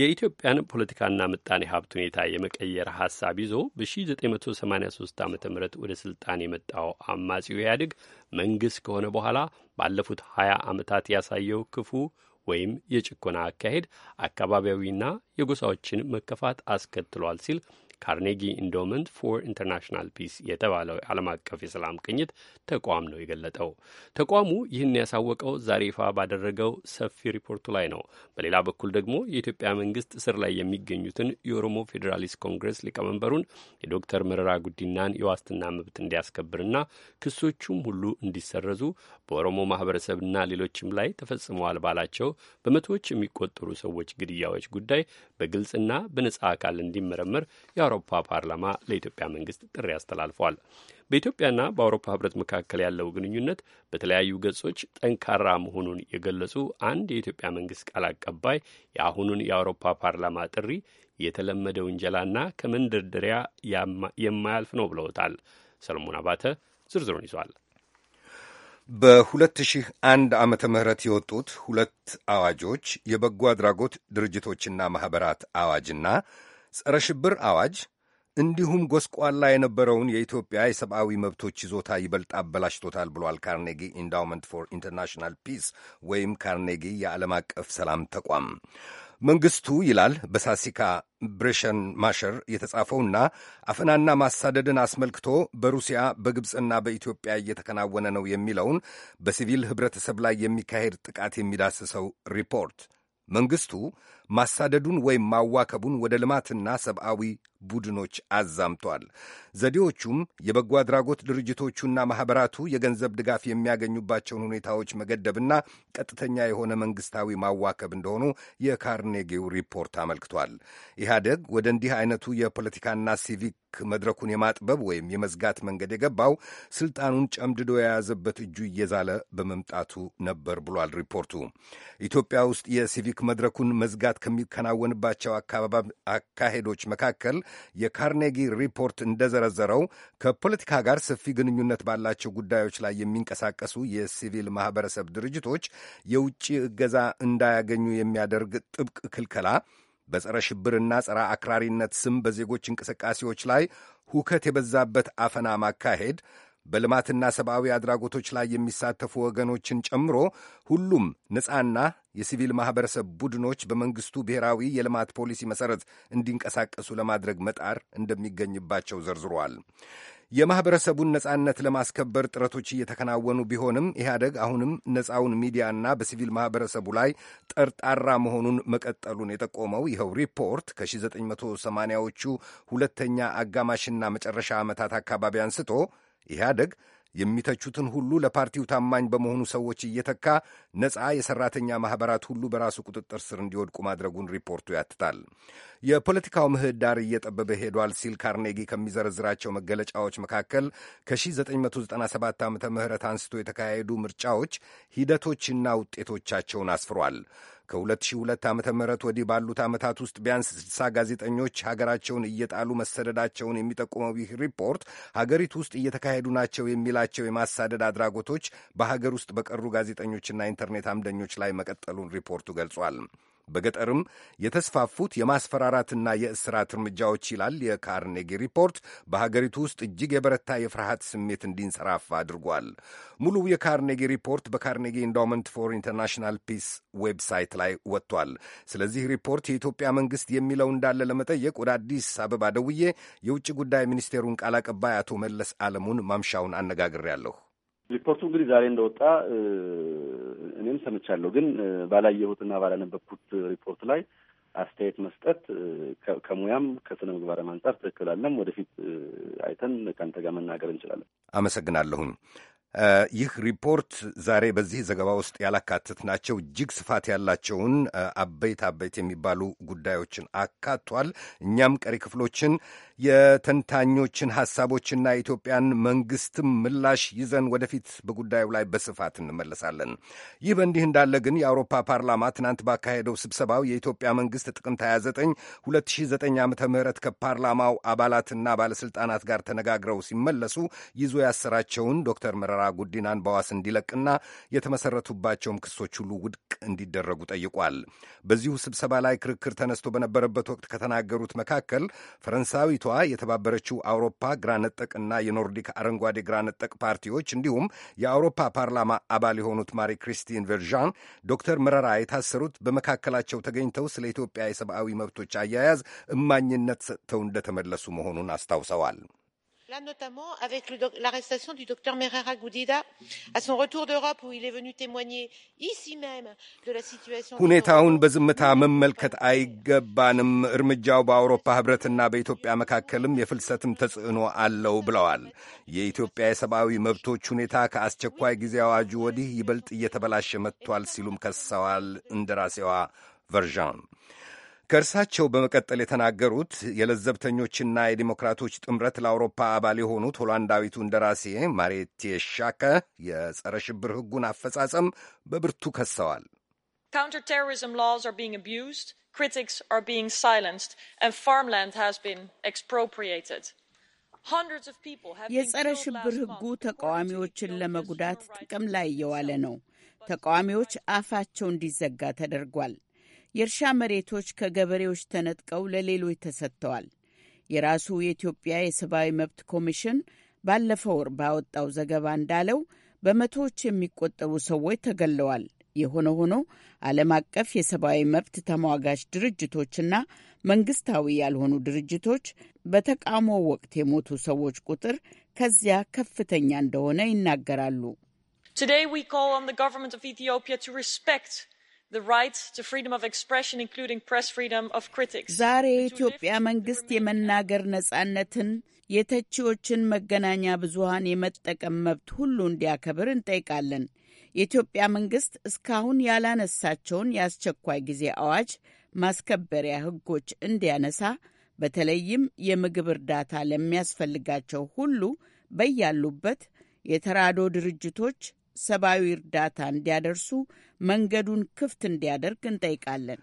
Speaker 1: የኢትዮጵያን ፖለቲካና ምጣኔ ሀብት ሁኔታ የመቀየር ሀሳብ ይዞ በ1983 ዓ ም ወደ ሥልጣን የመጣው አማጺው ኢህአዴግ መንግሥት ከሆነ በኋላ ባለፉት 20 ዓመታት ያሳየው ክፉ ወይም የጭኮና አካሄድ አካባቢያዊና የጎሳዎችን መከፋት አስከትሏል ሲል ካርኔጊ ኢንዶመንት ፎር ኢንተርናሽናል ፒስ የተባለው ዓለም አቀፍ የሰላም ቅኝት ተቋም ነው የገለጠው። ተቋሙ ይህን ያሳወቀው ዛሬ ይፋ ባደረገው ሰፊ ሪፖርቱ ላይ ነው። በሌላ በኩል ደግሞ የኢትዮጵያ መንግስት እስር ላይ የሚገኙትን የኦሮሞ ፌዴራሊስት ኮንግረስ ሊቀመንበሩን የዶክተር መረራ ጉዲናን የዋስትና መብት እንዲያስከብርና ክሶቹም ሁሉ እንዲሰረዙ በኦሮሞ ማህበረሰብና ሌሎችም ላይ ተፈጽመዋል ባላቸው በመቶዎች የሚቆጠሩ ሰዎች ግድያዎች ጉዳይ በግልጽና በነጻ አካል እንዲመረመር የአውሮፓ ፓርላማ ለኢትዮጵያ መንግስት ጥሪ አስተላልፏል። በኢትዮጵያና በአውሮፓ ህብረት መካከል ያለው ግንኙነት በተለያዩ ገጾች ጠንካራ መሆኑን የገለጹ አንድ የኢትዮጵያ መንግስት ቃል አቀባይ የአሁኑን የአውሮፓ ፓርላማ ጥሪ የተለመደ ውንጀላና ከመንደርደሪያ የማያልፍ ነው ብለውታል። ሰለሞን አባተ ዝርዝሩን ይዟል።
Speaker 13: በ2001 ዓመተ ምህረት የወጡት ሁለት አዋጆች የበጎ አድራጎት ድርጅቶችና ማኅበራት አዋጅና ጸረ ሽብር አዋጅ እንዲሁም ጎስቋላ የነበረውን የኢትዮጵያ የሰብአዊ መብቶች ይዞታ ይበልጥ አበላሽቶታል ብሏል ካርኔጊ ኢንዳውመንት ፎር ኢንተርናሽናል ፒስ ወይም ካርኔጊ የዓለም አቀፍ ሰላም ተቋም። መንግስቱ ይላል በሳሲካ ብሬሸን ማሸር የተጻፈውና አፈናና ማሳደድን አስመልክቶ በሩሲያ በግብፅና በኢትዮጵያ እየተከናወነ ነው የሚለውን በሲቪል ህብረተሰብ ላይ የሚካሄድ ጥቃት የሚዳስሰው ሪፖርት መንግስቱ ማሳደዱን ወይም ማዋከቡን ወደ ልማትና ሰብአዊ ቡድኖች አዛምቷል። ዘዴዎቹም የበጎ አድራጎት ድርጅቶቹና ማኅበራቱ የገንዘብ ድጋፍ የሚያገኙባቸውን ሁኔታዎች መገደብና ቀጥተኛ የሆነ መንግሥታዊ ማዋከብ እንደሆኑ የካርኔጌው ሪፖርት አመልክቷል። ኢህአደግ ወደ እንዲህ አይነቱ የፖለቲካና ሲቪክ መድረኩን የማጥበብ ወይም የመዝጋት መንገድ የገባው ስልጣኑን ጨምድዶ የያዘበት እጁ እየዛለ በመምጣቱ ነበር ብሏል ሪፖርቱ። ኢትዮጵያ ውስጥ የሲቪክ መድረኩን መዝጋት ከሚከናወንባቸው አካሄዶች መካከል የካርኔጊ ሪፖርት እንደዘረዘረው ከፖለቲካ ጋር ሰፊ ግንኙነት ባላቸው ጉዳዮች ላይ የሚንቀሳቀሱ የሲቪል ማህበረሰብ ድርጅቶች የውጭ እገዛ እንዳያገኙ የሚያደርግ ጥብቅ ክልከላ በጸረ ሽብርና ጸረ አክራሪነት ስም በዜጎች እንቅስቃሴዎች ላይ ሁከት የበዛበት አፈና ማካሄድ በልማትና ሰብአዊ አድራጎቶች ላይ የሚሳተፉ ወገኖችን ጨምሮ ሁሉም ነፃና የሲቪል ማኅበረሰብ ቡድኖች በመንግሥቱ ብሔራዊ የልማት ፖሊሲ መሠረት እንዲንቀሳቀሱ ለማድረግ መጣር እንደሚገኝባቸው ዘርዝሯል። የማኅበረሰቡን ነጻነት ለማስከበር ጥረቶች እየተከናወኑ ቢሆንም ኢህአደግ አሁንም ነፃውን ሚዲያና በሲቪል ማኅበረሰቡ ላይ ጠርጣራ መሆኑን መቀጠሉን የጠቆመው ይኸው ሪፖርት ከ1980ዎቹ ሁለተኛ አጋማሽና መጨረሻ ዓመታት አካባቢ አንስቶ ኢህአደግ የሚተቹትን ሁሉ ለፓርቲው ታማኝ በመሆኑ ሰዎች እየተካ ነጻ የሰራተኛ ማኅበራት ሁሉ በራሱ ቁጥጥር ስር እንዲወድቁ ማድረጉን ሪፖርቱ ያትታል። የፖለቲካው ምህዳር እየጠበበ ሄዷል ሲል ካርኔጊ ከሚዘረዝራቸው መገለጫዎች መካከል ከ1997 ዓ ም አንስቶ የተካሄዱ ምርጫዎች ሂደቶችና ውጤቶቻቸውን አስፍሯል። ከ2002 ዓ ም ወዲህ ባሉት ዓመታት ውስጥ ቢያንስ 60 ጋዜጠኞች ሀገራቸውን እየጣሉ መሰደዳቸውን የሚጠቁመው ይህ ሪፖርት ሀገሪቱ ውስጥ እየተካሄዱ ናቸው የሚላቸው የማሳደድ አድራጎቶች በሀገር ውስጥ በቀሩ ጋዜጠኞችና ኢንተርኔት አምደኞች ላይ መቀጠሉን ሪፖርቱ ገልጿል። በገጠርም የተስፋፉት የማስፈራራትና የእስራት እርምጃዎች ይላል የካርኔጊ ሪፖርት፣ በሀገሪቱ ውስጥ እጅግ የበረታ የፍርሃት ስሜት እንዲንሰራፋ አድርጓል። ሙሉ የካርኔጊ ሪፖርት በካርኔጊ ኢንዳውመንት ፎር ኢንተርናሽናል ፒስ ዌብሳይት ላይ ወጥቷል። ስለዚህ ሪፖርት የኢትዮጵያ መንግስት የሚለው እንዳለ ለመጠየቅ ወደ አዲስ አበባ ደውዬ የውጭ ጉዳይ ሚኒስቴሩን ቃል አቀባይ አቶ መለስ አለሙን ማምሻውን አነጋግሬያለሁ።
Speaker 12: ሪፖርቱ እንግዲህ ዛሬ እንደወጣ እኔም ሰምቻለሁ፣ ግን ባላየሁትና ባላነበብኩት ሪፖርት ላይ አስተያየት መስጠት ከሙያም ከስነ ምግባርም አንጻር ትክክል አለም። ወደፊት
Speaker 13: አይተን ከአንተ ጋር መናገር እንችላለን። አመሰግናለሁኝ። ይህ ሪፖርት ዛሬ በዚህ ዘገባ ውስጥ ያላካትት ናቸው እጅግ ስፋት ያላቸውን አበይት አበይት የሚባሉ ጉዳዮችን አካቷል። እኛም ቀሪ ክፍሎችን የተንታኞችን ሐሳቦችና የኢትዮጵያን መንግሥትም ምላሽ ይዘን ወደፊት በጉዳዩ ላይ በስፋት እንመለሳለን። ይህ በእንዲህ እንዳለ ግን የአውሮፓ ፓርላማ ትናንት ባካሄደው ስብሰባው የኢትዮጵያ መንግሥት ጥቅምት 29 2009 ዓ ም ከፓርላማው አባላትና ባለሥልጣናት ጋር ተነጋግረው ሲመለሱ ይዞ ያሰራቸውን ዶክተር መረራ ጉዲናን በዋስ እንዲለቅና የተመሠረቱባቸውም ክሶች ሁሉ ውድቅ እንዲደረጉ ጠይቋል። በዚሁ ስብሰባ ላይ ክርክር ተነስቶ በነበረበት ወቅት ከተናገሩት መካከል ፈረንሳዊቷ የተባበረችው አውሮፓ ግራነጠቅና የኖርዲክ አረንጓዴ ግራነጠቅ ፓርቲዎች እንዲሁም የአውሮፓ ፓርላማ አባል የሆኑት ማሪ ክሪስቲን ቨርዣን ዶክተር መረራ የታሰሩት በመካከላቸው ተገኝተው ስለ ኢትዮጵያ የሰብአዊ መብቶች አያያዝ እማኝነት ሰጥተው እንደተመለሱ መሆኑን አስታውሰዋል።
Speaker 14: là notamment avec l'arrestation du docteur merera Goudida, à son retour d'Europe où il est venu témoigner ici même de la situation
Speaker 13: ሁኔታውን በዝምታ መመልከት አይገባንም። እርምጃው በአውሮፓ ህብረትና በኢትዮጵያ መካከልም የፍልሰትም ተጽዕኖ አለው ብለዋል። የኢትዮጵያ የሰብአዊ መብቶች ሁኔታ ከአስቸኳይ ጊዜ አዋጁ ወዲህ ይበልጥ እየተበላሸ መጥቷል ሲሉም ከሰዋል። እንደራሴዋ ቨርዣን ከእርሳቸው በመቀጠል የተናገሩት የለዘብተኞችና የዲሞክራቶች ጥምረት ለአውሮፓ አባል የሆኑት ሆላንዳዊቱ እንደራሴ ማሪየቴ ሻከ የጸረ ሽብር ሕጉን አፈጻጸም በብርቱ ከሰዋል።
Speaker 10: የጸረ ሽብር ሕጉ
Speaker 14: ተቃዋሚዎችን ለመጉዳት ጥቅም ላይ እየዋለ ነው። ተቃዋሚዎች አፋቸው እንዲዘጋ ተደርጓል። የእርሻ መሬቶች ከገበሬዎች ተነጥቀው ለሌሎች ተሰጥተዋል። የራሱ የኢትዮጵያ የሰብአዊ መብት ኮሚሽን ባለፈው ወር ባወጣው ዘገባ እንዳለው በመቶዎች የሚቆጠሩ ሰዎች ተገለዋል። የሆነ ሆኖ ዓለም አቀፍ የሰብአዊ መብት ተሟጋች ድርጅቶችና መንግስታዊ ያልሆኑ ድርጅቶች በተቃውሞ ወቅት የሞቱ ሰዎች ቁጥር ከዚያ ከፍተኛ እንደሆነ ይናገራሉ።
Speaker 5: ዛሬ
Speaker 14: የኢትዮጵያ መንግስት የመናገር ነጻነትን፣ የተቺዎችን መገናኛ ብዙሃን የመጠቀም መብት ሁሉ እንዲያከብር እንጠይቃለን። የኢትዮጵያ መንግስት እስካሁን ያላነሳቸውን የአስቸኳይ ጊዜ አዋጅ ማስከበሪያ ህጎች እንዲያነሳ በተለይም የምግብ እርዳታ ለሚያስፈልጋቸው ሁሉ በያሉበት የተራዶ ድርጅቶች ሰብአዊ እርዳታ እንዲያደርሱ መንገዱን ክፍት እንዲያደርግ እንጠይቃለን።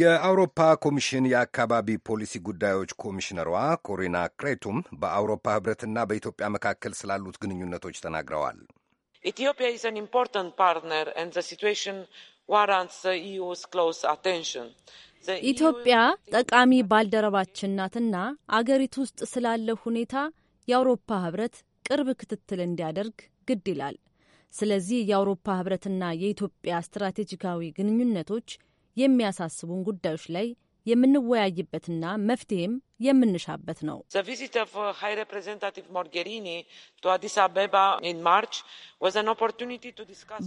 Speaker 13: የአውሮፓ ኮሚሽን የአካባቢ ፖሊሲ ጉዳዮች ኮሚሽነሯ ኮሪና ክሬቱም በአውሮፓ ህብረትና በኢትዮጵያ መካከል ስላሉት ግንኙነቶች ተናግረዋል።
Speaker 14: ኢትዮጵያ ኢዝ አን ኢምፖርታንት ፓርትነር ኤንድ ዘ ዋራንትስ ክሎዝ አቴንሽን። ኢትዮጵያ
Speaker 2: ጠቃሚ ባልደረባችን ናትና አገሪቱ ውስጥ ስላለው ሁኔታ የአውሮፓ ህብረት ቅርብ ክትትል እንዲያደርግ ግድ ይላል። ስለዚህ የአውሮፓ ህብረትና የኢትዮጵያ ስትራቴጂካዊ ግንኙነቶች የሚያሳስቡን ጉዳዮች ላይ የምንወያይበትና መፍትሄም የምንሻበት ነው።
Speaker 14: uh,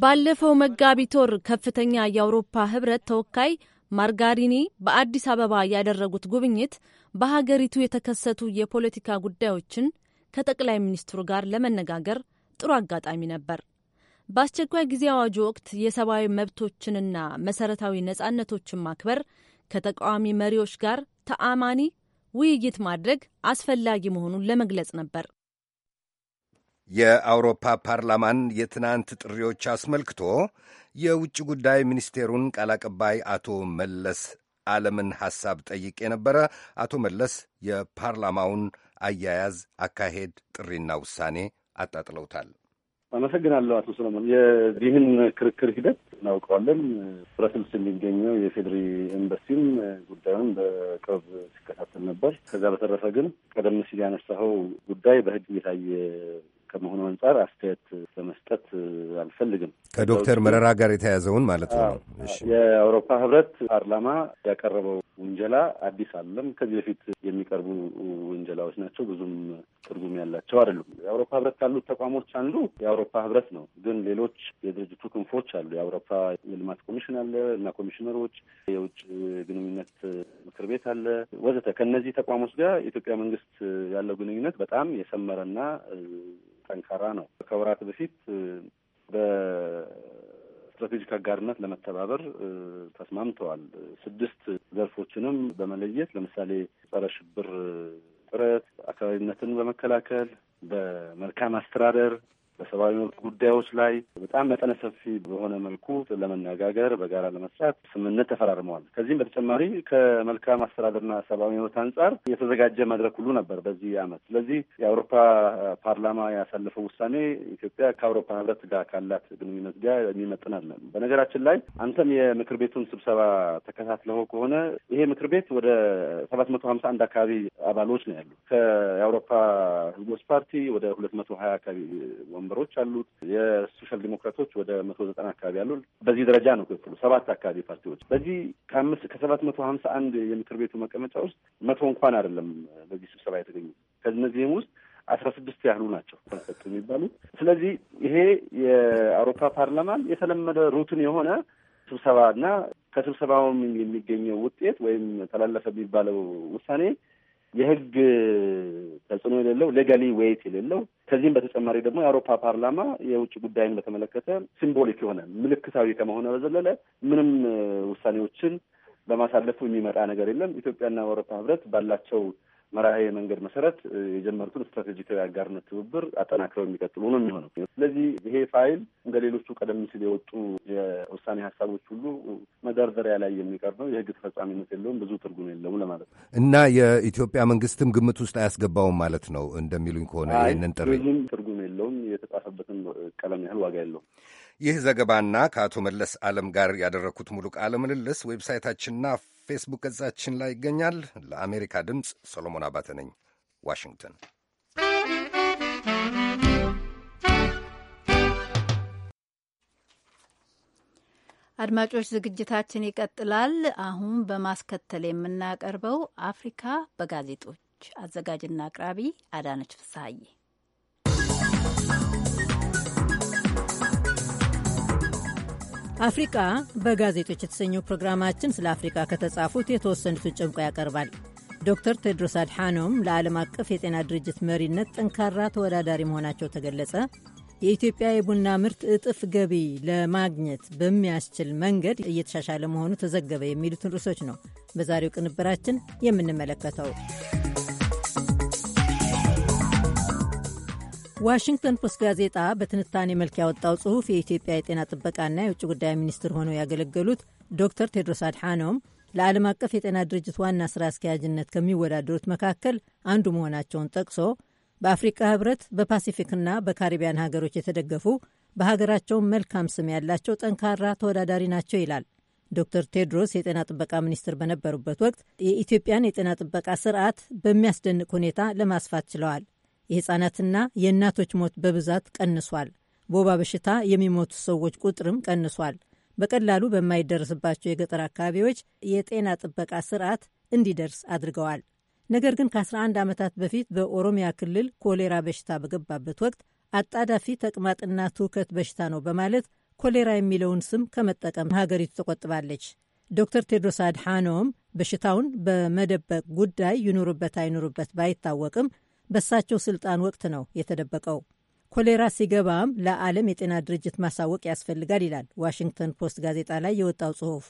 Speaker 2: ባለፈው መጋቢት ወር ከፍተኛ የአውሮፓ ህብረት ተወካይ ማርጋሪኒ በአዲስ አበባ ያደረጉት ጉብኝት በሀገሪቱ የተከሰቱ የፖለቲካ ጉዳዮችን ከጠቅላይ ሚኒስትሩ ጋር ለመነጋገር ጥሩ አጋጣሚ ነበር። በአስቸኳይ ጊዜ አዋጁ ወቅት የሰብአዊ መብቶችንና መሰረታዊ ነጻነቶችን ማክበር፣ ከተቃዋሚ መሪዎች ጋር ተአማኒ ውይይት ማድረግ አስፈላጊ መሆኑን ለመግለጽ
Speaker 13: ነበር። የአውሮፓ ፓርላማን የትናንት ጥሪዎች አስመልክቶ የውጭ ጉዳይ ሚኒስቴሩን ቃል አቀባይ አቶ መለስ አለምን ሐሳብ ጠይቄ ነበረ። አቶ መለስ የፓርላማውን አያያዝ፣ አካሄድ፣ ጥሪና ውሳኔ አጣጥለውታል።
Speaker 12: አመሰግናለሁ አቶ ሰለሞን።
Speaker 13: የዚህን ክርክር ሂደት እናውቀዋለን። ብረስልስ የሚገኘው የፌዴሪ ኤምባሲም
Speaker 12: ጉዳዩን በቅርብ ሲከታተል ነበር። ከዛ በተረፈ ግን ቀደም ሲል ያነሳኸው ጉዳይ በህግ የታየ ከመሆኑ አንጻር አስተያየት ለመስጠት አልፈልግም።
Speaker 13: ከዶክተር መረራ ጋር የተያዘውን ማለት ነው።
Speaker 12: የአውሮፓ ህብረት ፓርላማ ያቀረበው ውንጀላ አዲስ አለም ከዚህ በፊት የሚቀርቡ ውንጀላዎች ናቸው። ብዙም ትርጉም ያላቸው አይደሉም። የአውሮፓ ህብረት ካሉት ተቋሞች አንዱ የአውሮፓ ህብረት ነው። ግን ሌሎች የድርጅቱ ክንፎች አሉ። የአውሮፓ የልማት ኮሚሽን አለ እና ኮሚሽነሮች፣ የውጭ ግንኙነት ምክር ቤት አለ ወዘተ። ከእነዚህ ተቋሞች ጋር የኢትዮጵያ መንግስት ያለው ግንኙነት በጣም የሰመረና ጠንካራ ነው። ከወራት በፊት በስትራቴጂክ አጋርነት ለመተባበር ተስማምተዋል። ስድስት ዘርፎችንም በመለየት ለምሳሌ ጸረ ሽብር ጥረት፣ አካባቢነትን በመከላከል በመልካም አስተዳደር በሰብአዊ መብት ጉዳዮች ላይ በጣም መጠነ ሰፊ በሆነ መልኩ ለመነጋገር በጋራ ለመስራት ስምምነት ተፈራርመዋል። ከዚህም በተጨማሪ ከመልካም አስተዳደርና ሰብአዊ መብት አንጻር የተዘጋጀ መድረክ ሁሉ ነበር በዚህ ዓመት። ስለዚህ የአውሮፓ ፓርላማ ያሳለፈው ውሳኔ ኢትዮጵያ ከአውሮፓ ህብረት ጋር ካላት ግንኙነት ጋር የሚመጥን አይደለም። በነገራችን ላይ አንተም የምክር ቤቱን ስብሰባ ተከታትለው ከሆነ ይሄ ምክር ቤት ወደ ሰባት መቶ ሀምሳ አንድ አካባቢ አባሎች ነው ያሉ ከአውሮፓ ህዝቦች ፓርቲ ወደ ሁለት መቶ ሀያ አካባቢ ወንበሮች አሉት። የሶሻል ዲሞክራቶች ወደ መቶ ዘጠና አካባቢ ያሉ በዚህ ደረጃ ነው ክፍሉ ሰባት አካባቢ ፓርቲዎች በዚህ ከአምስት ከሰባት መቶ ሀምሳ አንድ የምክር ቤቱ መቀመጫ ውስጥ መቶ እንኳን አይደለም በዚህ ስብሰባ የተገኙ ከእነዚህም ውስጥ አስራ ስድስት ያህሉ ናቸው ሰጡ የሚባሉት። ስለዚህ ይሄ የአውሮፓ ፓርላማን የተለመደ ሩትን የሆነ ስብሰባ እና ከስብሰባውም የሚገኘው ውጤት ወይም ተላለፈ የሚባለው ውሳኔ የህግ ተጽዕኖ የሌለው ሌጋሊ ወይት የሌለው ከዚህም በተጨማሪ ደግሞ የአውሮፓ ፓርላማ የውጭ ጉዳይን በተመለከተ ሲምቦሊክ የሆነ ምልክታዊ ከመሆነ በዘለለ ምንም ውሳኔዎችን በማሳለፉ የሚመጣ ነገር የለም። ኢትዮጵያና አውሮፓ ህብረት ባላቸው መርሃ የመንገድ መሰረት የጀመሩትን ስትራቴጂካዊ አጋርነት ትብብር አጠናክረው የሚቀጥሉ ነው የሚሆነው። ስለዚህ ይሄ ፋይል እንደ ሌሎቹ ቀደም ሲል የወጡ የውሳኔ ሀሳቦች ሁሉ መደርደሪያ ላይ የሚቀር ነው። የህግ ተፈጻሚነት የለውም፣ ብዙ ትርጉም የለውም ለማለት ነው
Speaker 13: እና የኢትዮጵያ መንግስትም ግምት ውስጥ አያስገባውም ማለት ነው እንደሚሉኝ ከሆነ ይህንን ጥሪ ብዙም ትርጉም የለውም። የተጻፈበትን ቀለም ያህል ዋጋ የለውም። ይህ ዘገባና ከአቶ መለስ አለም ጋር ያደረግኩት ሙሉ ቃለ ምልልስ ዌብሳይታችንና ፌስቡክ ገጻችን ላይ ይገኛል። ለአሜሪካ ድምፅ ሰሎሞን አባተ ነኝ፣ ዋሽንግተን።
Speaker 2: አድማጮች ዝግጅታችን ይቀጥላል። አሁን በማስከተል የምናቀርበው አፍሪካ በጋዜጦች አዘጋጅና አቅራቢ አዳነች ፍስሐዬ
Speaker 4: አፍሪቃ በጋዜጦች የተሰኘው ፕሮግራማችን ስለ አፍሪቃ ከተጻፉት የተወሰኑትን ጨምቆ ያቀርባል። ዶክተር ቴድሮስ አድሓኖም ለዓለም አቀፍ የጤና ድርጅት መሪነት ጠንካራ ተወዳዳሪ መሆናቸው ተገለጸ፣ የኢትዮጵያ የቡና ምርት እጥፍ ገቢ ለማግኘት በሚያስችል መንገድ እየተሻሻለ መሆኑ ተዘገበ፣ የሚሉትን ርዕሶች ነው በዛሬው ቅንብራችን የምንመለከተው። ዋሽንግተን ፖስት ጋዜጣ በትንታኔ መልክ ያወጣው ጽሑፍ የኢትዮጵያ የጤና ጥበቃና የውጭ ጉዳይ ሚኒስትር ሆነው ያገለገሉት ዶክተር ቴድሮስ አድሓኖም ለዓለም አቀፍ የጤና ድርጅት ዋና ስራ አስኪያጅነት ከሚወዳደሩት መካከል አንዱ መሆናቸውን ጠቅሶ በአፍሪካ ህብረት በፓሲፊክና በካሪቢያን ሀገሮች የተደገፉ በሀገራቸው መልካም ስም ያላቸው ጠንካራ ተወዳዳሪ ናቸው ይላል። ዶክተር ቴድሮስ የጤና ጥበቃ ሚኒስትር በነበሩበት ወቅት የኢትዮጵያን የጤና ጥበቃ ስርዓት በሚያስደንቅ ሁኔታ ለማስፋት ችለዋል። የሕፃናትና የእናቶች ሞት በብዛት ቀንሷል። በወባ በሽታ የሚሞቱ ሰዎች ቁጥርም ቀንሷል። በቀላሉ በማይደርስባቸው የገጠር አካባቢዎች የጤና ጥበቃ ስርዓት እንዲደርስ አድርገዋል። ነገር ግን ከ11 ዓመታት በፊት በኦሮሚያ ክልል ኮሌራ በሽታ በገባበት ወቅት አጣዳፊ ተቅማጥና ትውከት በሽታ ነው በማለት ኮሌራ የሚለውን ስም ከመጠቀም ሀገሪቱ ተቆጥባለች። ዶክተር ቴድሮስ አድሓኖም በሽታውን በመደበቅ ጉዳይ ይኑርበት አይኑርበት ባይታወቅም በሳቸው ስልጣን ወቅት ነው የተደበቀው። ኮሌራ ሲገባም ለዓለም የጤና ድርጅት ማሳወቅ ያስፈልጋል ይላል ዋሽንግተን ፖስት ጋዜጣ ላይ የወጣው ጽሑፍ።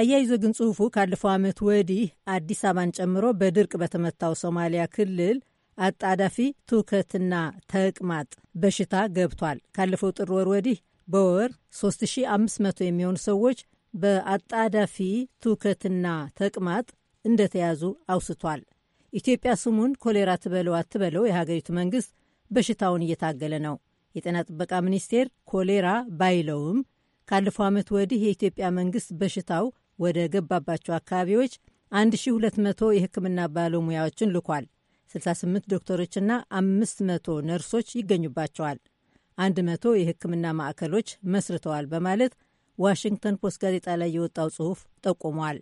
Speaker 4: አያይዞ ግን ጽሑፉ ካለፈው ዓመት ወዲህ አዲስ አበባን ጨምሮ በድርቅ በተመታው ሶማሊያ ክልል አጣዳፊ ትውከትና ተቅማጥ በሽታ ገብቷል። ካለፈው ጥር ወር ወዲህ በወር 3500 የሚሆኑ ሰዎች በአጣዳፊ ትውከትና ተቅማጥ እንደተያዙ አውስቷል። ኢትዮጵያ ስሙን ኮሌራ ትበለው አትበለው የሀገሪቱ መንግስት በሽታውን እየታገለ ነው። የጤና ጥበቃ ሚኒስቴር ኮሌራ ባይለውም ካለፈው ዓመት ወዲህ የኢትዮጵያ መንግስት በሽታው ወደ ገባባቸው አካባቢዎች 1200 የሕክምና ባለሙያዎችን ልኳል። 68 ዶክተሮችና 500 ነርሶች ይገኙባቸዋል። 100 የሕክምና ማዕከሎች መስርተዋል በማለት ዋሽንግተን ፖስት ጋዜጣ ላይ የወጣው ጽሑፍ ጠቁሟል።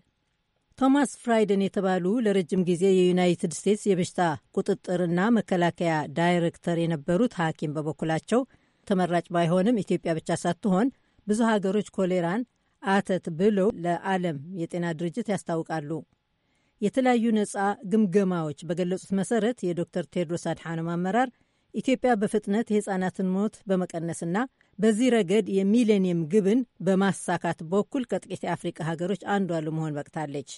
Speaker 4: ቶማስ ፍራይደን የተባሉ ለረጅም ጊዜ የዩናይትድ ስቴትስ የበሽታ ቁጥጥርና መከላከያ ዳይሬክተር የነበሩት ሐኪም በበኩላቸው ተመራጭ ባይሆንም ኢትዮጵያ ብቻ ሳትሆን ብዙ ሀገሮች ኮሌራን አተት ብለው ለዓለም የጤና ድርጅት ያስታውቃሉ። የተለያዩ ነፃ ግምገማዎች በገለጹት መሰረት የዶክተር ቴድሮስ አድሓኖም አመራር ኢትዮጵያ በፍጥነት የሕፃናትን ሞት በመቀነስና በዚህ ረገድ የሚሌኒየም ግብን በማሳካት በኩል ከጥቂት የአፍሪቃ ሀገሮች አንዷ ለመሆን በቅታለች።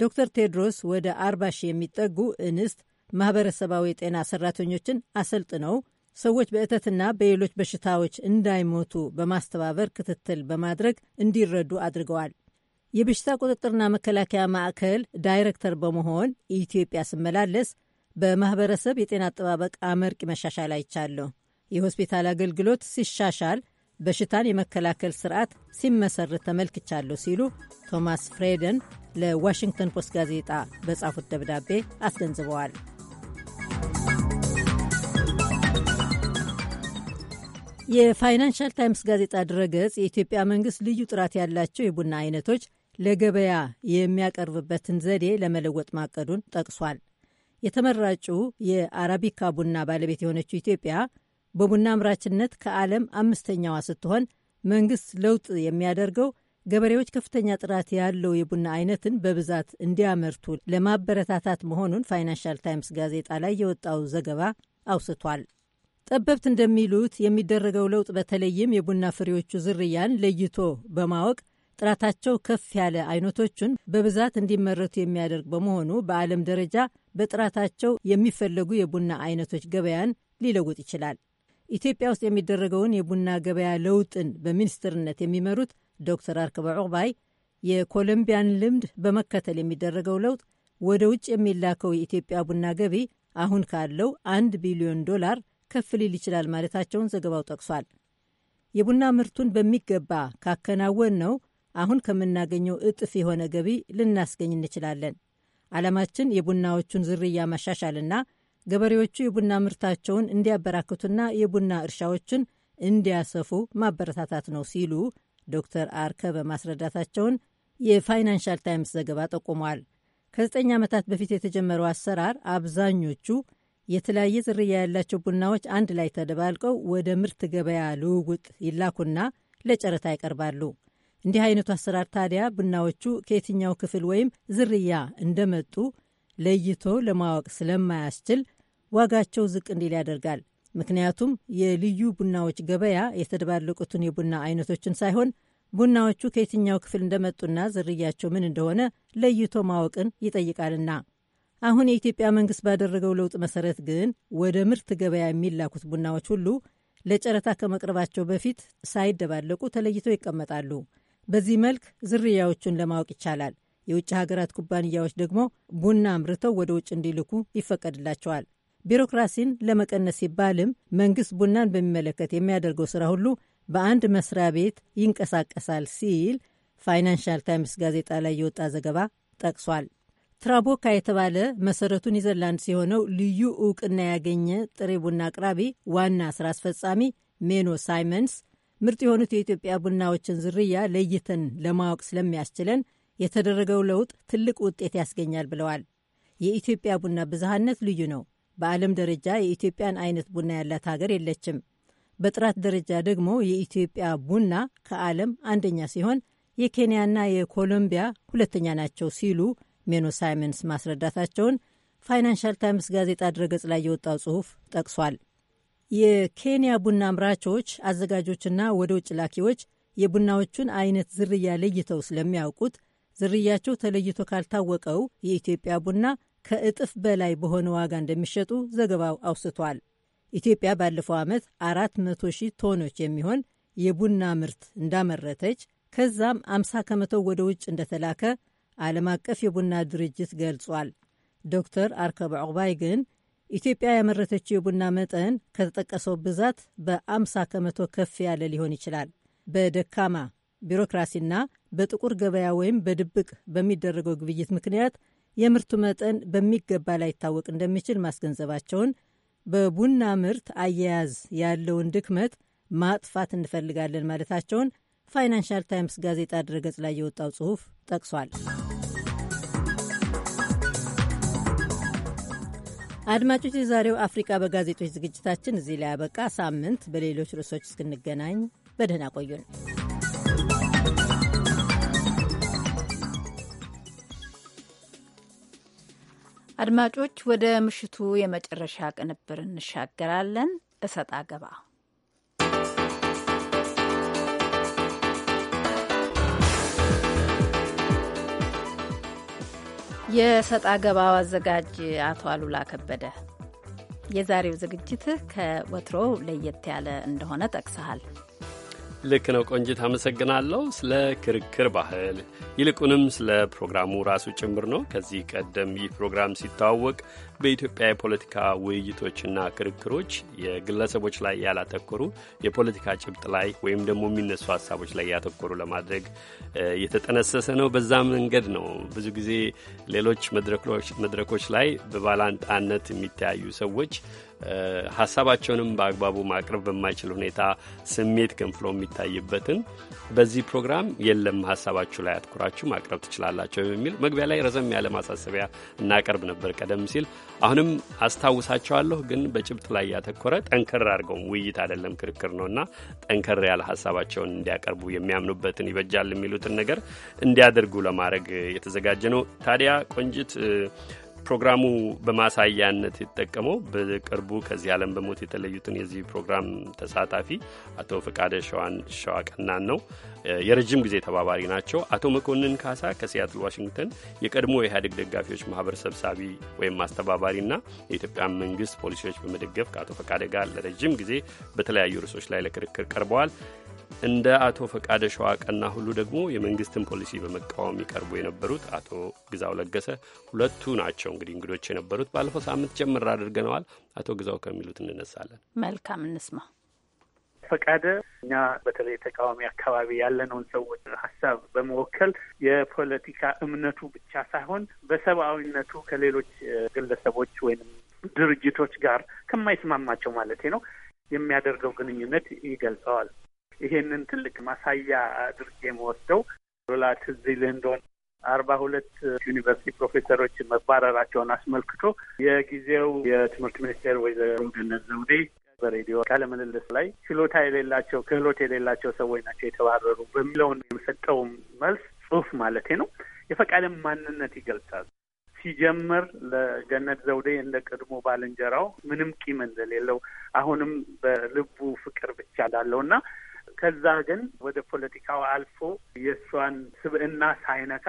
Speaker 4: ዶክተር ቴድሮስ ወደ 40 ሺህ የሚጠጉ እንስት ማህበረሰባዊ የጤና ሰራተኞችን አሰልጥነው ሰዎች በእተትና በሌሎች በሽታዎች እንዳይሞቱ በማስተባበር ክትትል በማድረግ እንዲረዱ አድርገዋል። የበሽታ ቁጥጥርና መከላከያ ማዕከል ዳይሬክተር በመሆን ኢትዮጵያ ስመላለስ በማህበረሰብ የጤና አጠባበቅ አመርቂ መሻሻል አይቻለሁ። የሆስፒታል አገልግሎት ሲሻሻል በሽታን የመከላከል ስርዓት ሲመሰረት ተመልክቻለሁ ሲሉ ቶማስ ፍሬደን ለዋሽንግተን ፖስት ጋዜጣ በጻፉት ደብዳቤ አስገንዝበዋል። የፋይናንሻል ታይምስ ጋዜጣ ድረገጽ የኢትዮጵያ መንግሥት ልዩ ጥራት ያላቸው የቡና አይነቶች ለገበያ የሚያቀርብበትን ዘዴ ለመለወጥ ማቀዱን ጠቅሷል። የተመራጩ የአራቢካ ቡና ባለቤት የሆነችው ኢትዮጵያ በቡና አምራችነት ከዓለም አምስተኛዋ ስትሆን መንግስት ለውጥ የሚያደርገው ገበሬዎች ከፍተኛ ጥራት ያለው የቡና አይነትን በብዛት እንዲያመርቱ ለማበረታታት መሆኑን ፋይናንሻል ታይምስ ጋዜጣ ላይ የወጣው ዘገባ አውስቷል። ጠበብት እንደሚሉት የሚደረገው ለውጥ በተለይም የቡና ፍሬዎቹ ዝርያን ለይቶ በማወቅ ጥራታቸው ከፍ ያለ አይነቶቹን በብዛት እንዲመረቱ የሚያደርግ በመሆኑ በዓለም ደረጃ በጥራታቸው የሚፈለጉ የቡና አይነቶች ገበያን ሊለውጥ ይችላል። ኢትዮጵያ ውስጥ የሚደረገውን የቡና ገበያ ለውጥን በሚኒስትርነት የሚመሩት ዶክተር አርክበ ዑቅባይ የኮሎምቢያን ልምድ በመከተል የሚደረገው ለውጥ ወደ ውጭ የሚላከው የኢትዮጵያ ቡና ገቢ አሁን ካለው አንድ ቢሊዮን ዶላር ከፍ ሊል ይችላል ማለታቸውን ዘገባው ጠቅሷል። የቡና ምርቱን በሚገባ ካከናወን ነው አሁን ከምናገኘው እጥፍ የሆነ ገቢ ልናስገኝ እንችላለን። ዓላማችን የቡናዎቹን ዝርያ ማሻሻልና ገበሬዎቹ የቡና ምርታቸውን እንዲያበራክቱና የቡና እርሻዎችን እንዲያሰፉ ማበረታታት ነው ሲሉ ዶክተር አርከበ ማስረዳታቸውን የፋይናንሻል ታይምስ ዘገባ ጠቁሟል። ከዘጠኝ ዓመታት በፊት የተጀመረው አሰራር አብዛኞቹ የተለያየ ዝርያ ያላቸው ቡናዎች አንድ ላይ ተደባልቀው ወደ ምርት ገበያ ልውውጥ ይላኩና ለጨረታ ይቀርባሉ። እንዲህ አይነቱ አሰራር ታዲያ ቡናዎቹ ከየትኛው ክፍል ወይም ዝርያ እንደመጡ ለይቶ ለማወቅ ስለማያስችል ዋጋቸው ዝቅ እንዲል ያደርጋል። ምክንያቱም የልዩ ቡናዎች ገበያ የተደባለቁትን የቡና አይነቶችን ሳይሆን ቡናዎቹ ከየትኛው ክፍል እንደመጡና ዝርያቸው ምን እንደሆነ ለይቶ ማወቅን ይጠይቃልና። አሁን የኢትዮጵያ መንግስት ባደረገው ለውጥ መሰረት ግን ወደ ምርት ገበያ የሚላኩት ቡናዎች ሁሉ ለጨረታ ከመቅረባቸው በፊት ሳይደባለቁ ተለይተው ይቀመጣሉ። በዚህ መልክ ዝርያዎቹን ለማወቅ ይቻላል። የውጭ ሀገራት ኩባንያዎች ደግሞ ቡና አምርተው ወደ ውጭ እንዲልኩ ይፈቀድላቸዋል። ቢሮክራሲን ለመቀነስ ሲባልም መንግስት ቡናን በሚመለከት የሚያደርገው ስራ ሁሉ በአንድ መስሪያ ቤት ይንቀሳቀሳል ሲል ፋይናንሻል ታይምስ ጋዜጣ ላይ የወጣ ዘገባ ጠቅሷል። ትራቦካ የተባለ መሰረቱ ኒዘርላንድ ሲሆነው ልዩ እውቅና ያገኘ ጥሬ ቡና አቅራቢ ዋና ስራ አስፈጻሚ ሜኖ ሳይመንስ ምርጥ የሆኑት የኢትዮጵያ ቡናዎችን ዝርያ ለይተን ለማወቅ ስለሚያስችለን የተደረገው ለውጥ ትልቅ ውጤት ያስገኛል ብለዋል። የኢትዮጵያ ቡና ብዝሃነት ልዩ ነው። በዓለም ደረጃ የኢትዮጵያን አይነት ቡና ያላት ሀገር የለችም። በጥራት ደረጃ ደግሞ የኢትዮጵያ ቡና ከዓለም አንደኛ ሲሆን የኬንያና የኮሎምቢያ ሁለተኛ ናቸው ሲሉ ሜኖ ሳይመንስ ማስረዳታቸውን ፋይናንሻል ታይምስ ጋዜጣ ድረገጽ ላይ የወጣው ጽሑፍ ጠቅሷል። የኬንያ ቡና አምራቾች፣ አዘጋጆችና ወደ ውጭ ላኪዎች የቡናዎቹን አይነት ዝርያ ለይተው ስለሚያውቁት ዝርያቸው ተለይቶ ካልታወቀው የኢትዮጵያ ቡና ከእጥፍ በላይ በሆነ ዋጋ እንደሚሸጡ ዘገባው አውስቷል። ኢትዮጵያ ባለፈው ዓመት 400 ሺህ ቶኖች የሚሆን የቡና ምርት እንዳመረተች ከዛም 50 ከመቶው ወደ ውጭ እንደተላከ ዓለም አቀፍ የቡና ድርጅት ገልጿል። ዶክተር አርከብ ዕቁባይ ግን ኢትዮጵያ ያመረተችው የቡና መጠን ከተጠቀሰው ብዛት በ50 ከመቶ ከፍ ያለ ሊሆን ይችላል፣ በደካማ ቢሮክራሲና በጥቁር ገበያ ወይም በድብቅ በሚደረገው ግብይት ምክንያት የምርቱ መጠን በሚገባ ላይታወቅ እንደሚችል ማስገንዘባቸውን፣ በቡና ምርት አያያዝ ያለውን ድክመት ማጥፋት እንፈልጋለን ማለታቸውን ፋይናንሻል ታይምስ ጋዜጣ ድረገጽ ላይ የወጣው ጽሑፍ ጠቅሷል። አድማጮች፣ የዛሬው አፍሪቃ በጋዜጦች ዝግጅታችን እዚህ ላይ ያበቃ። ሳምንት በሌሎች ርዕሶች እስክንገናኝ በደህና ቆዩን።
Speaker 2: አድማጮች፣ ወደ ምሽቱ የመጨረሻ ቅንብር እንሻገራለን። እሰጥ አገባ የሰጣ አገባው አዘጋጅ አቶ አሉላ ከበደ፣ የዛሬው ዝግጅትህ ከወትሮው ለየት ያለ እንደሆነ ጠቅሰሃል።
Speaker 1: ልክ ነው ቆንጅት፣ አመሰግናለሁ ስለ ክርክር ባህል ይልቁንም ስለ ፕሮግራሙ ራሱ ጭምር ነው። ከዚህ ቀደም ይህ ፕሮግራም ሲተዋወቅ በኢትዮጵያ የፖለቲካ ውይይቶችና ክርክሮች የግለሰቦች ላይ ያላተኮሩ የፖለቲካ ጭብጥ ላይ ወይም ደግሞ የሚነሱ ሀሳቦች ላይ ያተኮሩ ለማድረግ የተጠነሰሰ ነው። በዛ መንገድ ነው ብዙ ጊዜ ሌሎች መድረኮች ላይ በባላንጣነት የሚተያዩ ሰዎች ሀሳባቸውንም በአግባቡ ማቅረብ በማይችል ሁኔታ ስሜት ገንፍሎ የሚታይበትን በዚህ ፕሮግራም የለም ሀሳባችሁ ላይ አትኩራችሁ ማቅረብ ትችላላቸው የሚል መግቢያ ላይ ረዘም ያለ ማሳሰቢያ እናቀርብ ነበር ቀደም ሲል። አሁንም አስታውሳቸዋለሁ፣ ግን በጭብጥ ላይ ያተኮረ ጠንከር አድርገውም ውይይት አይደለም ክርክር ነውና ጠንከር ያለ ሀሳባቸውን እንዲያቀርቡ የሚያምኑበትን ይበጃል የሚሉትን ነገር እንዲያደርጉ ለማድረግ የተዘጋጀ ነው። ታዲያ ቆንጅት ፕሮግራሙ በማሳያነት የተጠቀመው በቅርቡ ከዚህ ዓለም በሞት የተለዩትን የዚህ ፕሮግራም ተሳታፊ አቶ ፈቃደ ሸዋቀናን ነው። የረጅም ጊዜ ተባባሪ ናቸው። አቶ መኮንን ካሳ ከሲያትል ዋሽንግተን የቀድሞ የኢህአዴግ ደጋፊዎች ማህበር ሰብሳቢ ወይም አስተባባሪና የኢትዮጵያ መንግስት ፖሊሲዎች በመደገፍ ከአቶ ፈቃደ ጋር ለረጅም ጊዜ በተለያዩ ርዕሶች ላይ ለክርክር ቀርበዋል። እንደ አቶ ፈቃደ ሸዋቀና ሁሉ ደግሞ የመንግስትን ፖሊሲ በመቃወም ይቀርቡ የነበሩት አቶ ግዛው ለገሰ ሁለቱ ናቸው። እንግዲህ እንግዶች የነበሩት ባለፈው ሳምንት ጀምር አድርገነዋል። አቶ ግዛው ከሚሉት
Speaker 11: እንነሳለን። መልካም እንስማ። ፈቃደ እኛ በተለይ ተቃዋሚ አካባቢ ያለነውን ሰዎች ሀሳብ በመወከል የፖለቲካ እምነቱ ብቻ ሳይሆን በሰብአዊነቱ ከሌሎች ግለሰቦች ወይም ድርጅቶች ጋር ከማይስማማቸው ማለት ነው የሚያደርገው ግንኙነት ይገልጸዋል። ይሄንን ትልቅ ማሳያ አድርጌ የምወስደው ዶላ ትዝ ይልህ እንደሆነ አርባ ሁለት ዩኒቨርሲቲ ፕሮፌሰሮች መባረራቸውን አስመልክቶ የጊዜው የትምህርት ሚኒስቴር ወይዘሮ ገነት ዘውዴ በሬዲዮ ቃለ ምልልስ ላይ ችሎታ የሌላቸው ክህሎት የሌላቸው ሰዎች ናቸው የተባረሩ በሚለውን የሰጠውም መልስ ጽሁፍ ማለቴ ነው የፈቃደም ማንነት ይገልጻል። ሲጀምር ለገነት ዘውዴ እንደ ቀድሞ ባልንጀራው ምንም ቂም እንደሌለው አሁንም በልቡ ፍቅር ብቻ ላለው እና ከዛ ግን ወደ ፖለቲካው አልፎ የእሷን ስብዕና ሳይነካ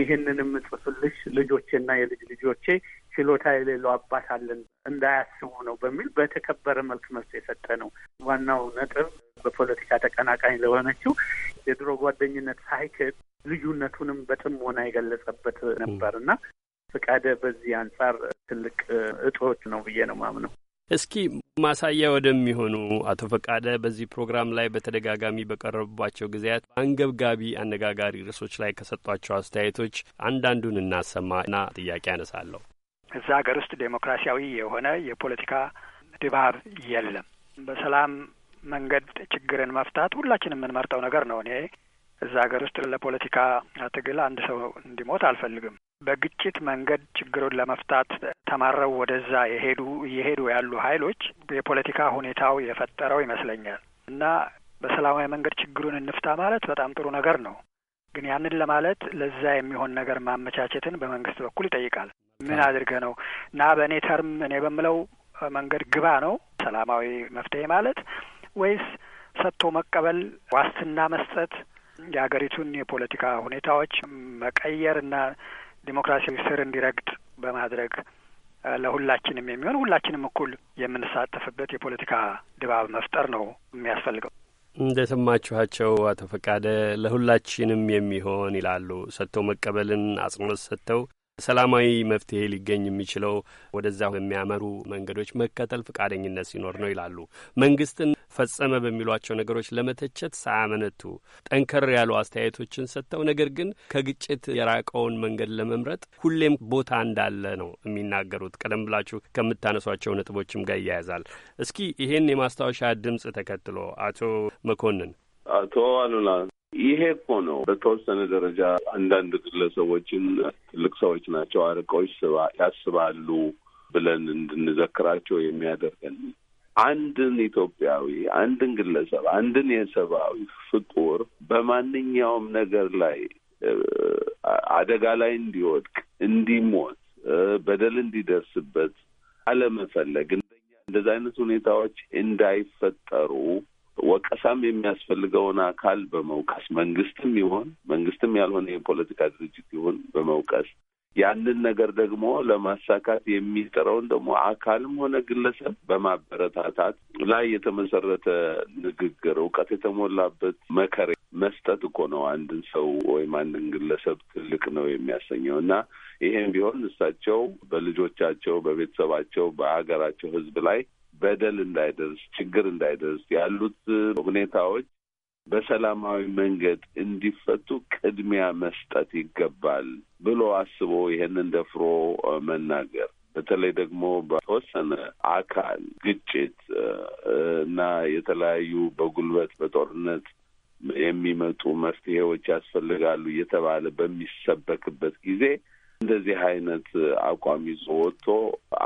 Speaker 11: ይህንን የምጽፍልሽ ልጆቼና የልጅ ልጆቼ ችሎታ የሌለው አባት አለን እንዳያስቡ ነው በሚል በተከበረ መልክ መልስ የሰጠ ነው። ዋናው ነጥብ በፖለቲካ ተቀናቃኝ ለሆነችው የድሮ ጓደኝነት ሳይክል ልዩነቱንም በጥሞና የገለጸበት ነበር እና ፍቃደ በዚህ አንጻር ትልቅ እጦት ነው ብዬ ነው ማምነው።
Speaker 1: እስኪ ማሳያ ወደሚሆኑ አቶ ፈቃደ በዚህ ፕሮግራም ላይ በተደጋጋሚ በቀረቡባቸው ጊዜያት አንገብጋቢ አነጋጋሪ ርዕሶች ላይ ከሰጧቸው አስተያየቶች አንዳንዱን እናሰማና ጥያቄ አነሳለሁ።
Speaker 6: እዛ ሀገር ውስጥ ዴሞክራሲያዊ የሆነ የፖለቲካ ድባብ የለም። በሰላም መንገድ ችግርን መፍታት ሁላችን የምንመርጠው ነገር ነው። እኔ እዛ ሀገር ውስጥ ለፖለቲካ ትግል አንድ ሰው እንዲሞት አልፈልግም። በግጭት መንገድ ችግሩን ለመፍታት ተማረው ወደዛ የሄዱ እየሄዱ ያሉ ሀይሎች የፖለቲካ ሁኔታው የፈጠረው ይመስለኛል እና በሰላማዊ መንገድ ችግሩን እንፍታ ማለት በጣም ጥሩ ነገር ነው። ግን ያንን ለማለት ለዛ የሚሆን ነገር ማመቻቸትን በመንግስት በኩል ይጠይቃል። ምን አድርገ ነው እና በእኔ ተርም እኔ በምለው መንገድ ግባ ነው ሰላማዊ መፍትሄ ማለት ወይስ ሰጥቶ መቀበል፣ ዋስትና መስጠት፣ የሀገሪቱን የፖለቲካ ሁኔታዎች መቀየርና ዲሞክራሲያዊ ስር እንዲረግጥ በማድረግ ለሁላችንም የሚሆን ሁላችንም እኩል የምንሳተፍበት የፖለቲካ ድባብ መፍጠር ነው የሚያስፈልገው።
Speaker 1: እንደ ሰማችኋቸው አቶ ፈቃደ ለሁላችንም የሚሆን ይላሉ። ሰጥተው መቀበልን አጽንኦት ሰጥተው ሰላማዊ መፍትሄ ሊገኝ የሚችለው ወደዛ የሚያመሩ መንገዶች መከተል ፈቃደኝነት ሲኖር ነው ይላሉ። መንግስትን ፈጸመ በሚሏቸው ነገሮች ለመተቸት ሳያመነቱ ጠንከር ያሉ አስተያየቶችን ሰጥተው ነገር ግን ከግጭት የራቀውን መንገድ ለመምረጥ ሁሌም ቦታ እንዳለ ነው የሚናገሩት። ቀደም ብላችሁ ከምታነሷቸው ነጥቦችም ጋር ይያያዛል። እስኪ ይሄን የማስታወሻ ድምጽ ተከትሎ አቶ መኮንን
Speaker 9: አቶ አሉላ ይሄ እኮ ነው በተወሰነ ደረጃ አንዳንድ ግለሰቦችን ትልቅ ሰዎች ናቸው አርቀው ያስባሉ ብለን እንድንዘክራቸው የሚያደርገን አንድን ኢትዮጵያዊ፣ አንድን ግለሰብ፣ አንድን የሰብአዊ ፍጡር በማንኛውም ነገር ላይ አደጋ ላይ እንዲወድቅ፣ እንዲሞት፣ በደል እንዲደርስበት አለመፈለግ እንደዚ አይነት ሁኔታዎች እንዳይፈጠሩ ወቀሳም የሚያስፈልገውን አካል በመውቀስ መንግስትም ይሆን መንግስትም ያልሆነ የፖለቲካ ድርጅት ይሁን በመውቀስ ያንን ነገር ደግሞ ለማሳካት የሚጥረውን ደግሞ አካልም ሆነ ግለሰብ በማበረታታት ላይ የተመሰረተ ንግግር፣ እውቀት የተሞላበት መከር መስጠት እኮ ነው አንድን ሰው ወይም አንድን ግለሰብ ትልቅ ነው የሚያሰኘው እና ይሄም ቢሆን እሳቸው በልጆቻቸው፣ በቤተሰባቸው፣ በሀገራቸው ሕዝብ ላይ በደል እንዳይደርስ ችግር እንዳይደርስ ያሉት ሁኔታዎች በሰላማዊ መንገድ እንዲፈቱ ቅድሚያ መስጠት ይገባል ብሎ አስቦ ይህንን ደፍሮ መናገር በተለይ ደግሞ በተወሰነ አካል ግጭት እና የተለያዩ በጉልበት በጦርነት የሚመጡ መፍትሄዎች ያስፈልጋሉ እየተባለ በሚሰበክበት ጊዜ እንደዚህ አይነት አቋም ይዞ ወጥቶ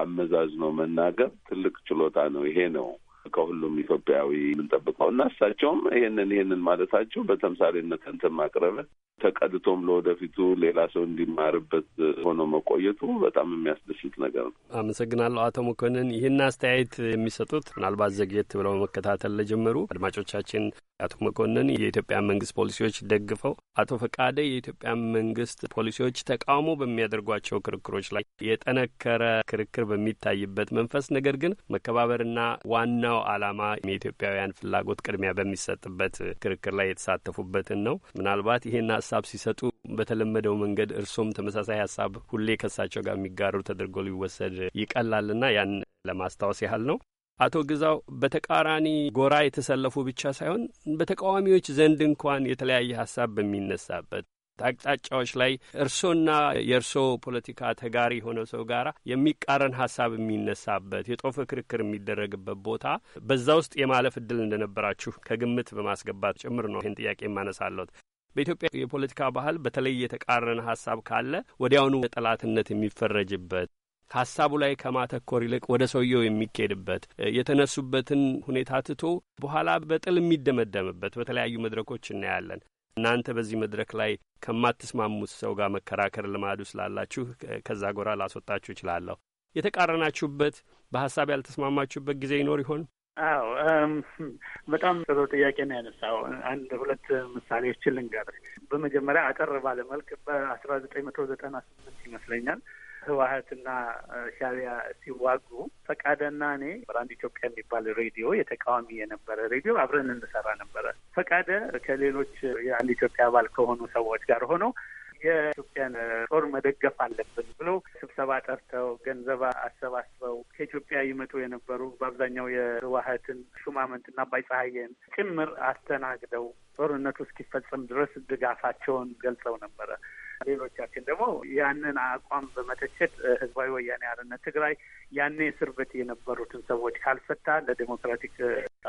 Speaker 9: አመዛዝኖ መናገር ትልቅ ችሎታ ነው። ይሄ ነው ከሁሉም ኢትዮጵያዊ የምንጠብቀው እና እሳቸውም ይህንን ይህንን ማለታቸው በተምሳሌነት እንትን ማቅረብ ተቀድቶም ለወደፊቱ ሌላ ሰው እንዲማርበት ሆኖ መቆየቱ በጣም የሚያስደስት ነገር ነው።
Speaker 1: አመሰግናለሁ አቶ መኮንን። ይህን አስተያየት የሚሰጡት ምናልባት ዘግየት ብለው መከታተል ለጀመሩ አድማጮቻችን አቶ መኮንን የኢትዮጵያ መንግስት ፖሊሲዎች ደግፈው፣ አቶ ፈቃደ የኢትዮጵያ መንግስት ፖሊሲዎች ተቃውሞ በሚያደርጓቸው ክርክሮች ላይ የጠነከረ ክርክር በሚታይበት መንፈስ ነገር ግን መከባበርና ዋናው አላማ የኢትዮጵያውያን ፍላጎት ቅድሚያ በሚሰጥበት ክርክር ላይ የተሳተፉበትን ነው ምናልባት ይህና ሀሳብ ሲሰጡ በተለመደው መንገድ እርሶም ተመሳሳይ ሀሳብ ሁሌ ከሳቸው ጋር የሚጋሩ ተደርጎ ሊወሰድ ይቀላልና ያን ለማስታወስ ያህል ነው። አቶ ግዛው በተቃራኒ ጎራ የተሰለፉ ብቻ ሳይሆን በተቃዋሚዎች ዘንድ እንኳን የተለያየ ሀሳብ በሚነሳበት አቅጣጫዎች ላይ እርሶና የእርሶ ፖለቲካ ተጋሪ የሆነ ሰው ጋር የሚቃረን ሀሳብ የሚነሳበት የጦፈ ክርክር የሚደረግበት ቦታ በዛ ውስጥ የማለፍ እድል እንደነበራችሁ ከግምት በማስገባት ጭምር ነው ይህን ጥያቄ የማነሳለሁት። በኢትዮጵያ የፖለቲካ ባህል በተለይ የተቃረነ ሀሳብ ካለ ወዲያውኑ ጠላትነት የሚፈረጅበት ሀሳቡ ላይ ከማተኮር ይልቅ ወደ ሰውየው የሚኬድበት የተነሱበትን ሁኔታ ትቶ በኋላ በጥል የሚደመደምበት በተለያዩ መድረኮች እናያለን። እናንተ በዚህ መድረክ ላይ ከማትስማሙት ሰው ጋር መከራከር ልማዱ ስላላችሁ ከዛ ጎራ ላስወጣችሁ ይችላለሁ። የተቃረናችሁበት በሀሳብ ያልተስማማችሁበት ጊዜ ይኖር ይሆን?
Speaker 11: አዎ በጣም ጥሩ ጥያቄ ነው ያነሳው። አንድ ሁለት ምሳሌዎችን ልንገርህ። በመጀመሪያ አጠር ባለመልክ በአስራ ዘጠኝ መቶ ዘጠና ስምንት ይመስለኛል ህወሀትና ሻቢያ ሲዋጉ ፈቃደና እኔ በአንድ ኢትዮጵያ የሚባል ሬዲዮ የተቃዋሚ የነበረ ሬዲዮ አብረን እንሰራ ነበረ። ፈቃደ ከሌሎች የአንድ ኢትዮጵያ አባል ከሆኑ ሰዎች ጋር ሆነው የኢትዮጵያን ጦር መደገፍ አለብን ብሎ ስብሰባ ጠርተው ገንዘብ አሰባስበው ከኢትዮጵያ ይመጡ የነበሩ በአብዛኛው የህወሀትን ሹማምንትና አባይ ፀሐይን ጭምር አስተናግደው ጦርነቱ እስኪፈጸም ድረስ ድጋፋቸውን ገልጸው ነበረ። ሌሎቻችን ደግሞ ያንን አቋም በመተቸት ህዝባዊ ወያኔ አርነት ትግራይ ያኔ እስር ቤት የነበሩትን ሰዎች ካልፈታ ለዴሞክራቲክ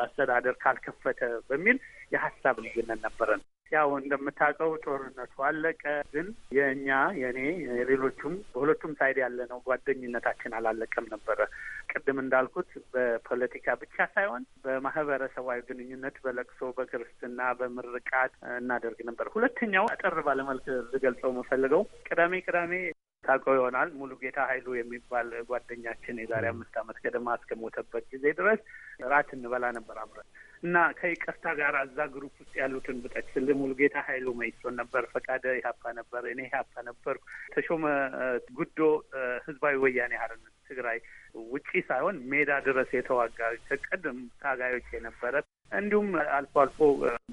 Speaker 11: አስተዳደር ካልከፈተ በሚል የሀሳብ ልዩነት ነበረን። ያው እንደምታውቀው ጦርነቱ አለቀ፣ ግን የእኛ የእኔ የሌሎቹም በሁለቱም ሳይድ ያለ ነው ጓደኝነታችን አላለቀም ነበረ። ቅድም እንዳልኩት በፖለቲካ ብቻ ሳይሆን በማህበረሰባዊ ግንኙነት፣ በለቅሶ፣ በክርስትና፣ በምርቃት እናደርግ ነበር። ሁለተኛው አጠር ባለመልክ ልገልጸው የምፈልገው። ቅዳሜ ቅዳሜ ታውቀው ይሆናል ሙሉ ጌታ ሀይሉ የሚባል ጓደኛችን የዛሬ አምስት አመት ገደማ እስከሞተበት ጊዜ ድረስ ራት እንበላ ነበር አብረን እና ከይቅርታ ጋር እዛ ግሩፕ ውስጥ ያሉትን ብጠቅስል ሙሉ ጌታ ኃይሉ መይሶን ነበር፣ ፈቃደ ኢህአፓ ነበር፣ እኔ ኢህአፓ ነበር፣ ተሾመ ጉዶ ህዝባዊ ወያኔ ሓርነት ትግራይ ውጪ ሳይሆን ሜዳ ድረስ የተዋጋ ቅድም ታጋዮች የነበረ እንዲሁም አልፎ አልፎ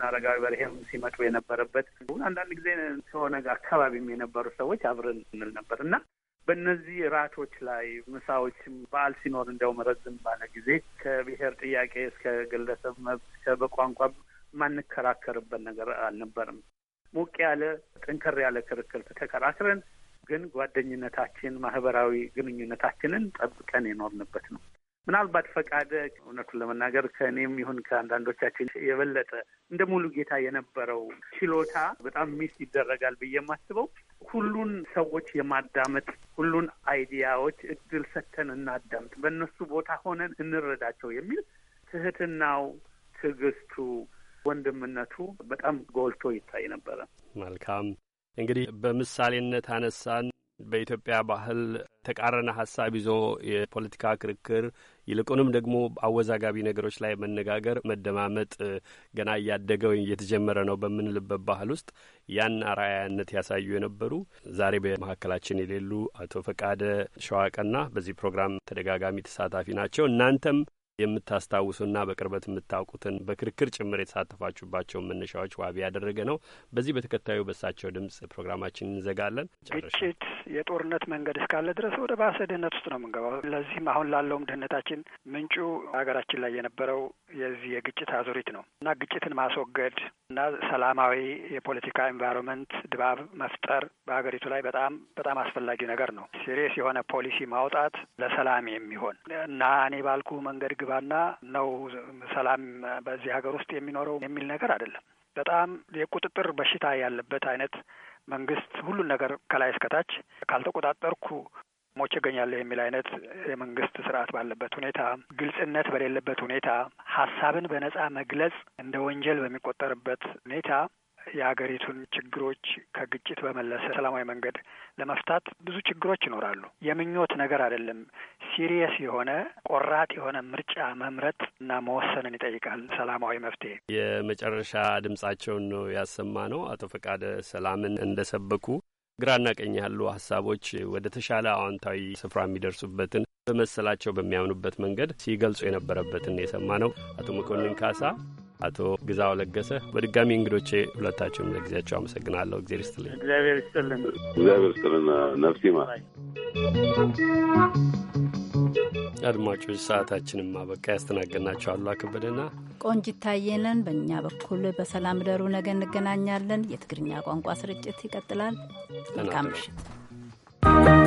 Speaker 11: አረጋዊ በርሄም ሲመጡ የነበረበት አንዳንድ ጊዜ ከሆነ አካባቢም የነበሩ ሰዎች አብረን እንል ነበር እና በእነዚህ ራቶች ላይ ምሳዎች፣ በዓል ሲኖር እንደውም ረዝም ባለ ጊዜ ከብሔር ጥያቄ እስከ ግለሰብ መብት በቋንቋ ማንከራከርበት ነገር አልነበርም። ሞቅ ያለ ጥንክር ያለ ክርክር ተከራክረን ግን ጓደኝነታችን፣ ማህበራዊ ግንኙነታችንን ጠብቀን የኖርንበት ነው። ምናልባት ፈቃደ እውነቱን ለመናገር ከእኔም ይሁን ከአንዳንዶቻችን የበለጠ እንደ ሙሉ ጌታ የነበረው ችሎታ በጣም ሚስ ይደረጋል ብዬ የማስበው ሁሉን ሰዎች የማዳመጥ ሁሉን አይዲያዎች እድል ሰጥተን እናዳምጥ፣ በእነሱ ቦታ ሆነን እንረዳቸው የሚል ትህትናው፣ ትዕግስቱ፣ ወንድምነቱ በጣም ጎልቶ ይታይ ነበረ።
Speaker 1: መልካም እንግዲህ በምሳሌነት አነሳን። በኢትዮጵያ ባህል ተቃረነ ሀሳብ ይዞ የፖለቲካ ክርክር ይልቁንም ደግሞ አወዛጋቢ ነገሮች ላይ መነጋገር፣ መደማመጥ ገና እያደገ ወይም እየተጀመረ ነው በምንልበት ባህል ውስጥ ያን አርአያነት ያሳዩ የነበሩ ዛሬ በመካከላችን የሌሉ አቶ ፈቃደ ሸዋቀና በዚህ ፕሮግራም ተደጋጋሚ ተሳታፊ ናቸው። እናንተም የምታስታውሱና በቅርበት የምታውቁትን በክርክር ጭምር የተሳተፋችሁባቸውን መነሻዎች ዋቢ ያደረገ ነው። በዚህ በተከታዩ በሳቸው ድምጽ ፕሮግራማችን እንዘጋለን። ግጭት
Speaker 6: የጦርነት መንገድ እስካለ ድረስ ወደ ባሰ ድህነት ውስጥ ነው የምንገባው። ለዚህም አሁን ላለውም ድህነታችን ምንጩ ሀገራችን ላይ የነበረው የዚህ የግጭት አዙሪት ነው እና ግጭትን ማስወገድ እና ሰላማዊ የፖለቲካ ኤንቫይሮንመንት ድባብ መፍጠር በሀገሪቱ ላይ በጣም በጣም አስፈላጊ ነገር ነው። ሲሪየስ የሆነ ፖሊሲ ማውጣት ለሰላም የሚሆን እና እኔ ባልኩ መንገድ ግባና ነው ሰላም በዚህ ሀገር ውስጥ የሚኖረው የሚል ነገር አይደለም። በጣም የቁጥጥር በሽታ ያለበት አይነት መንግስት ሁሉን ነገር ከላይ እስከታች ካልተቆጣጠርኩ ሞች እገኛለሁ የሚል አይነት የመንግስት ስርዓት ባለበት ሁኔታ፣ ግልጽነት በሌለበት ሁኔታ፣ ሀሳብን በነጻ መግለጽ እንደ ወንጀል በሚቆጠርበት ሁኔታ የሀገሪቱን ችግሮች ከግጭት በመለሰ ሰላማዊ መንገድ ለመፍታት ብዙ ችግሮች ይኖራሉ። የምኞት ነገር አይደለም። ሲሪየስ የሆነ ቆራጥ የሆነ ምርጫ መምረጥ እና መወሰንን ይጠይቃል ሰላማዊ መፍትሄ።
Speaker 1: የመጨረሻ ድምጻቸውን ነው ያሰማ ነው አቶ ፈቃደ ሰላምን እንደሰበኩ ግራና ቀኝ ያሉ ሀሳቦች ወደ ተሻለ አዎንታዊ ስፍራ የሚደርሱበትን በመሰላቸው በሚያምኑበት መንገድ ሲገልጹ የነበረበትን የሰማ ነው አቶ መኮንን ካሳ አቶ ግዛው ለገሰ በድጋሚ እንግዶቼ ሁለታችሁም ለጊዜያቸው አመሰግናለሁ። እግዜር ይስጥልኝ።
Speaker 11: እግዚአብሔር ይስጥልን።
Speaker 1: እግዚአብሔር ይስጥልን። ነፍሲ ማ አድማጮች ሰዓታችንም አበቃ። ያስተናገድናቸው አሉ አከበደና
Speaker 2: ቆንጂት ታየነን። በእኛ በኩል በሰላም ደሩ። ነገ እንገናኛለን። የትግርኛ ቋንቋ ስርጭት ይቀጥላል።
Speaker 11: መልካም ምሽት።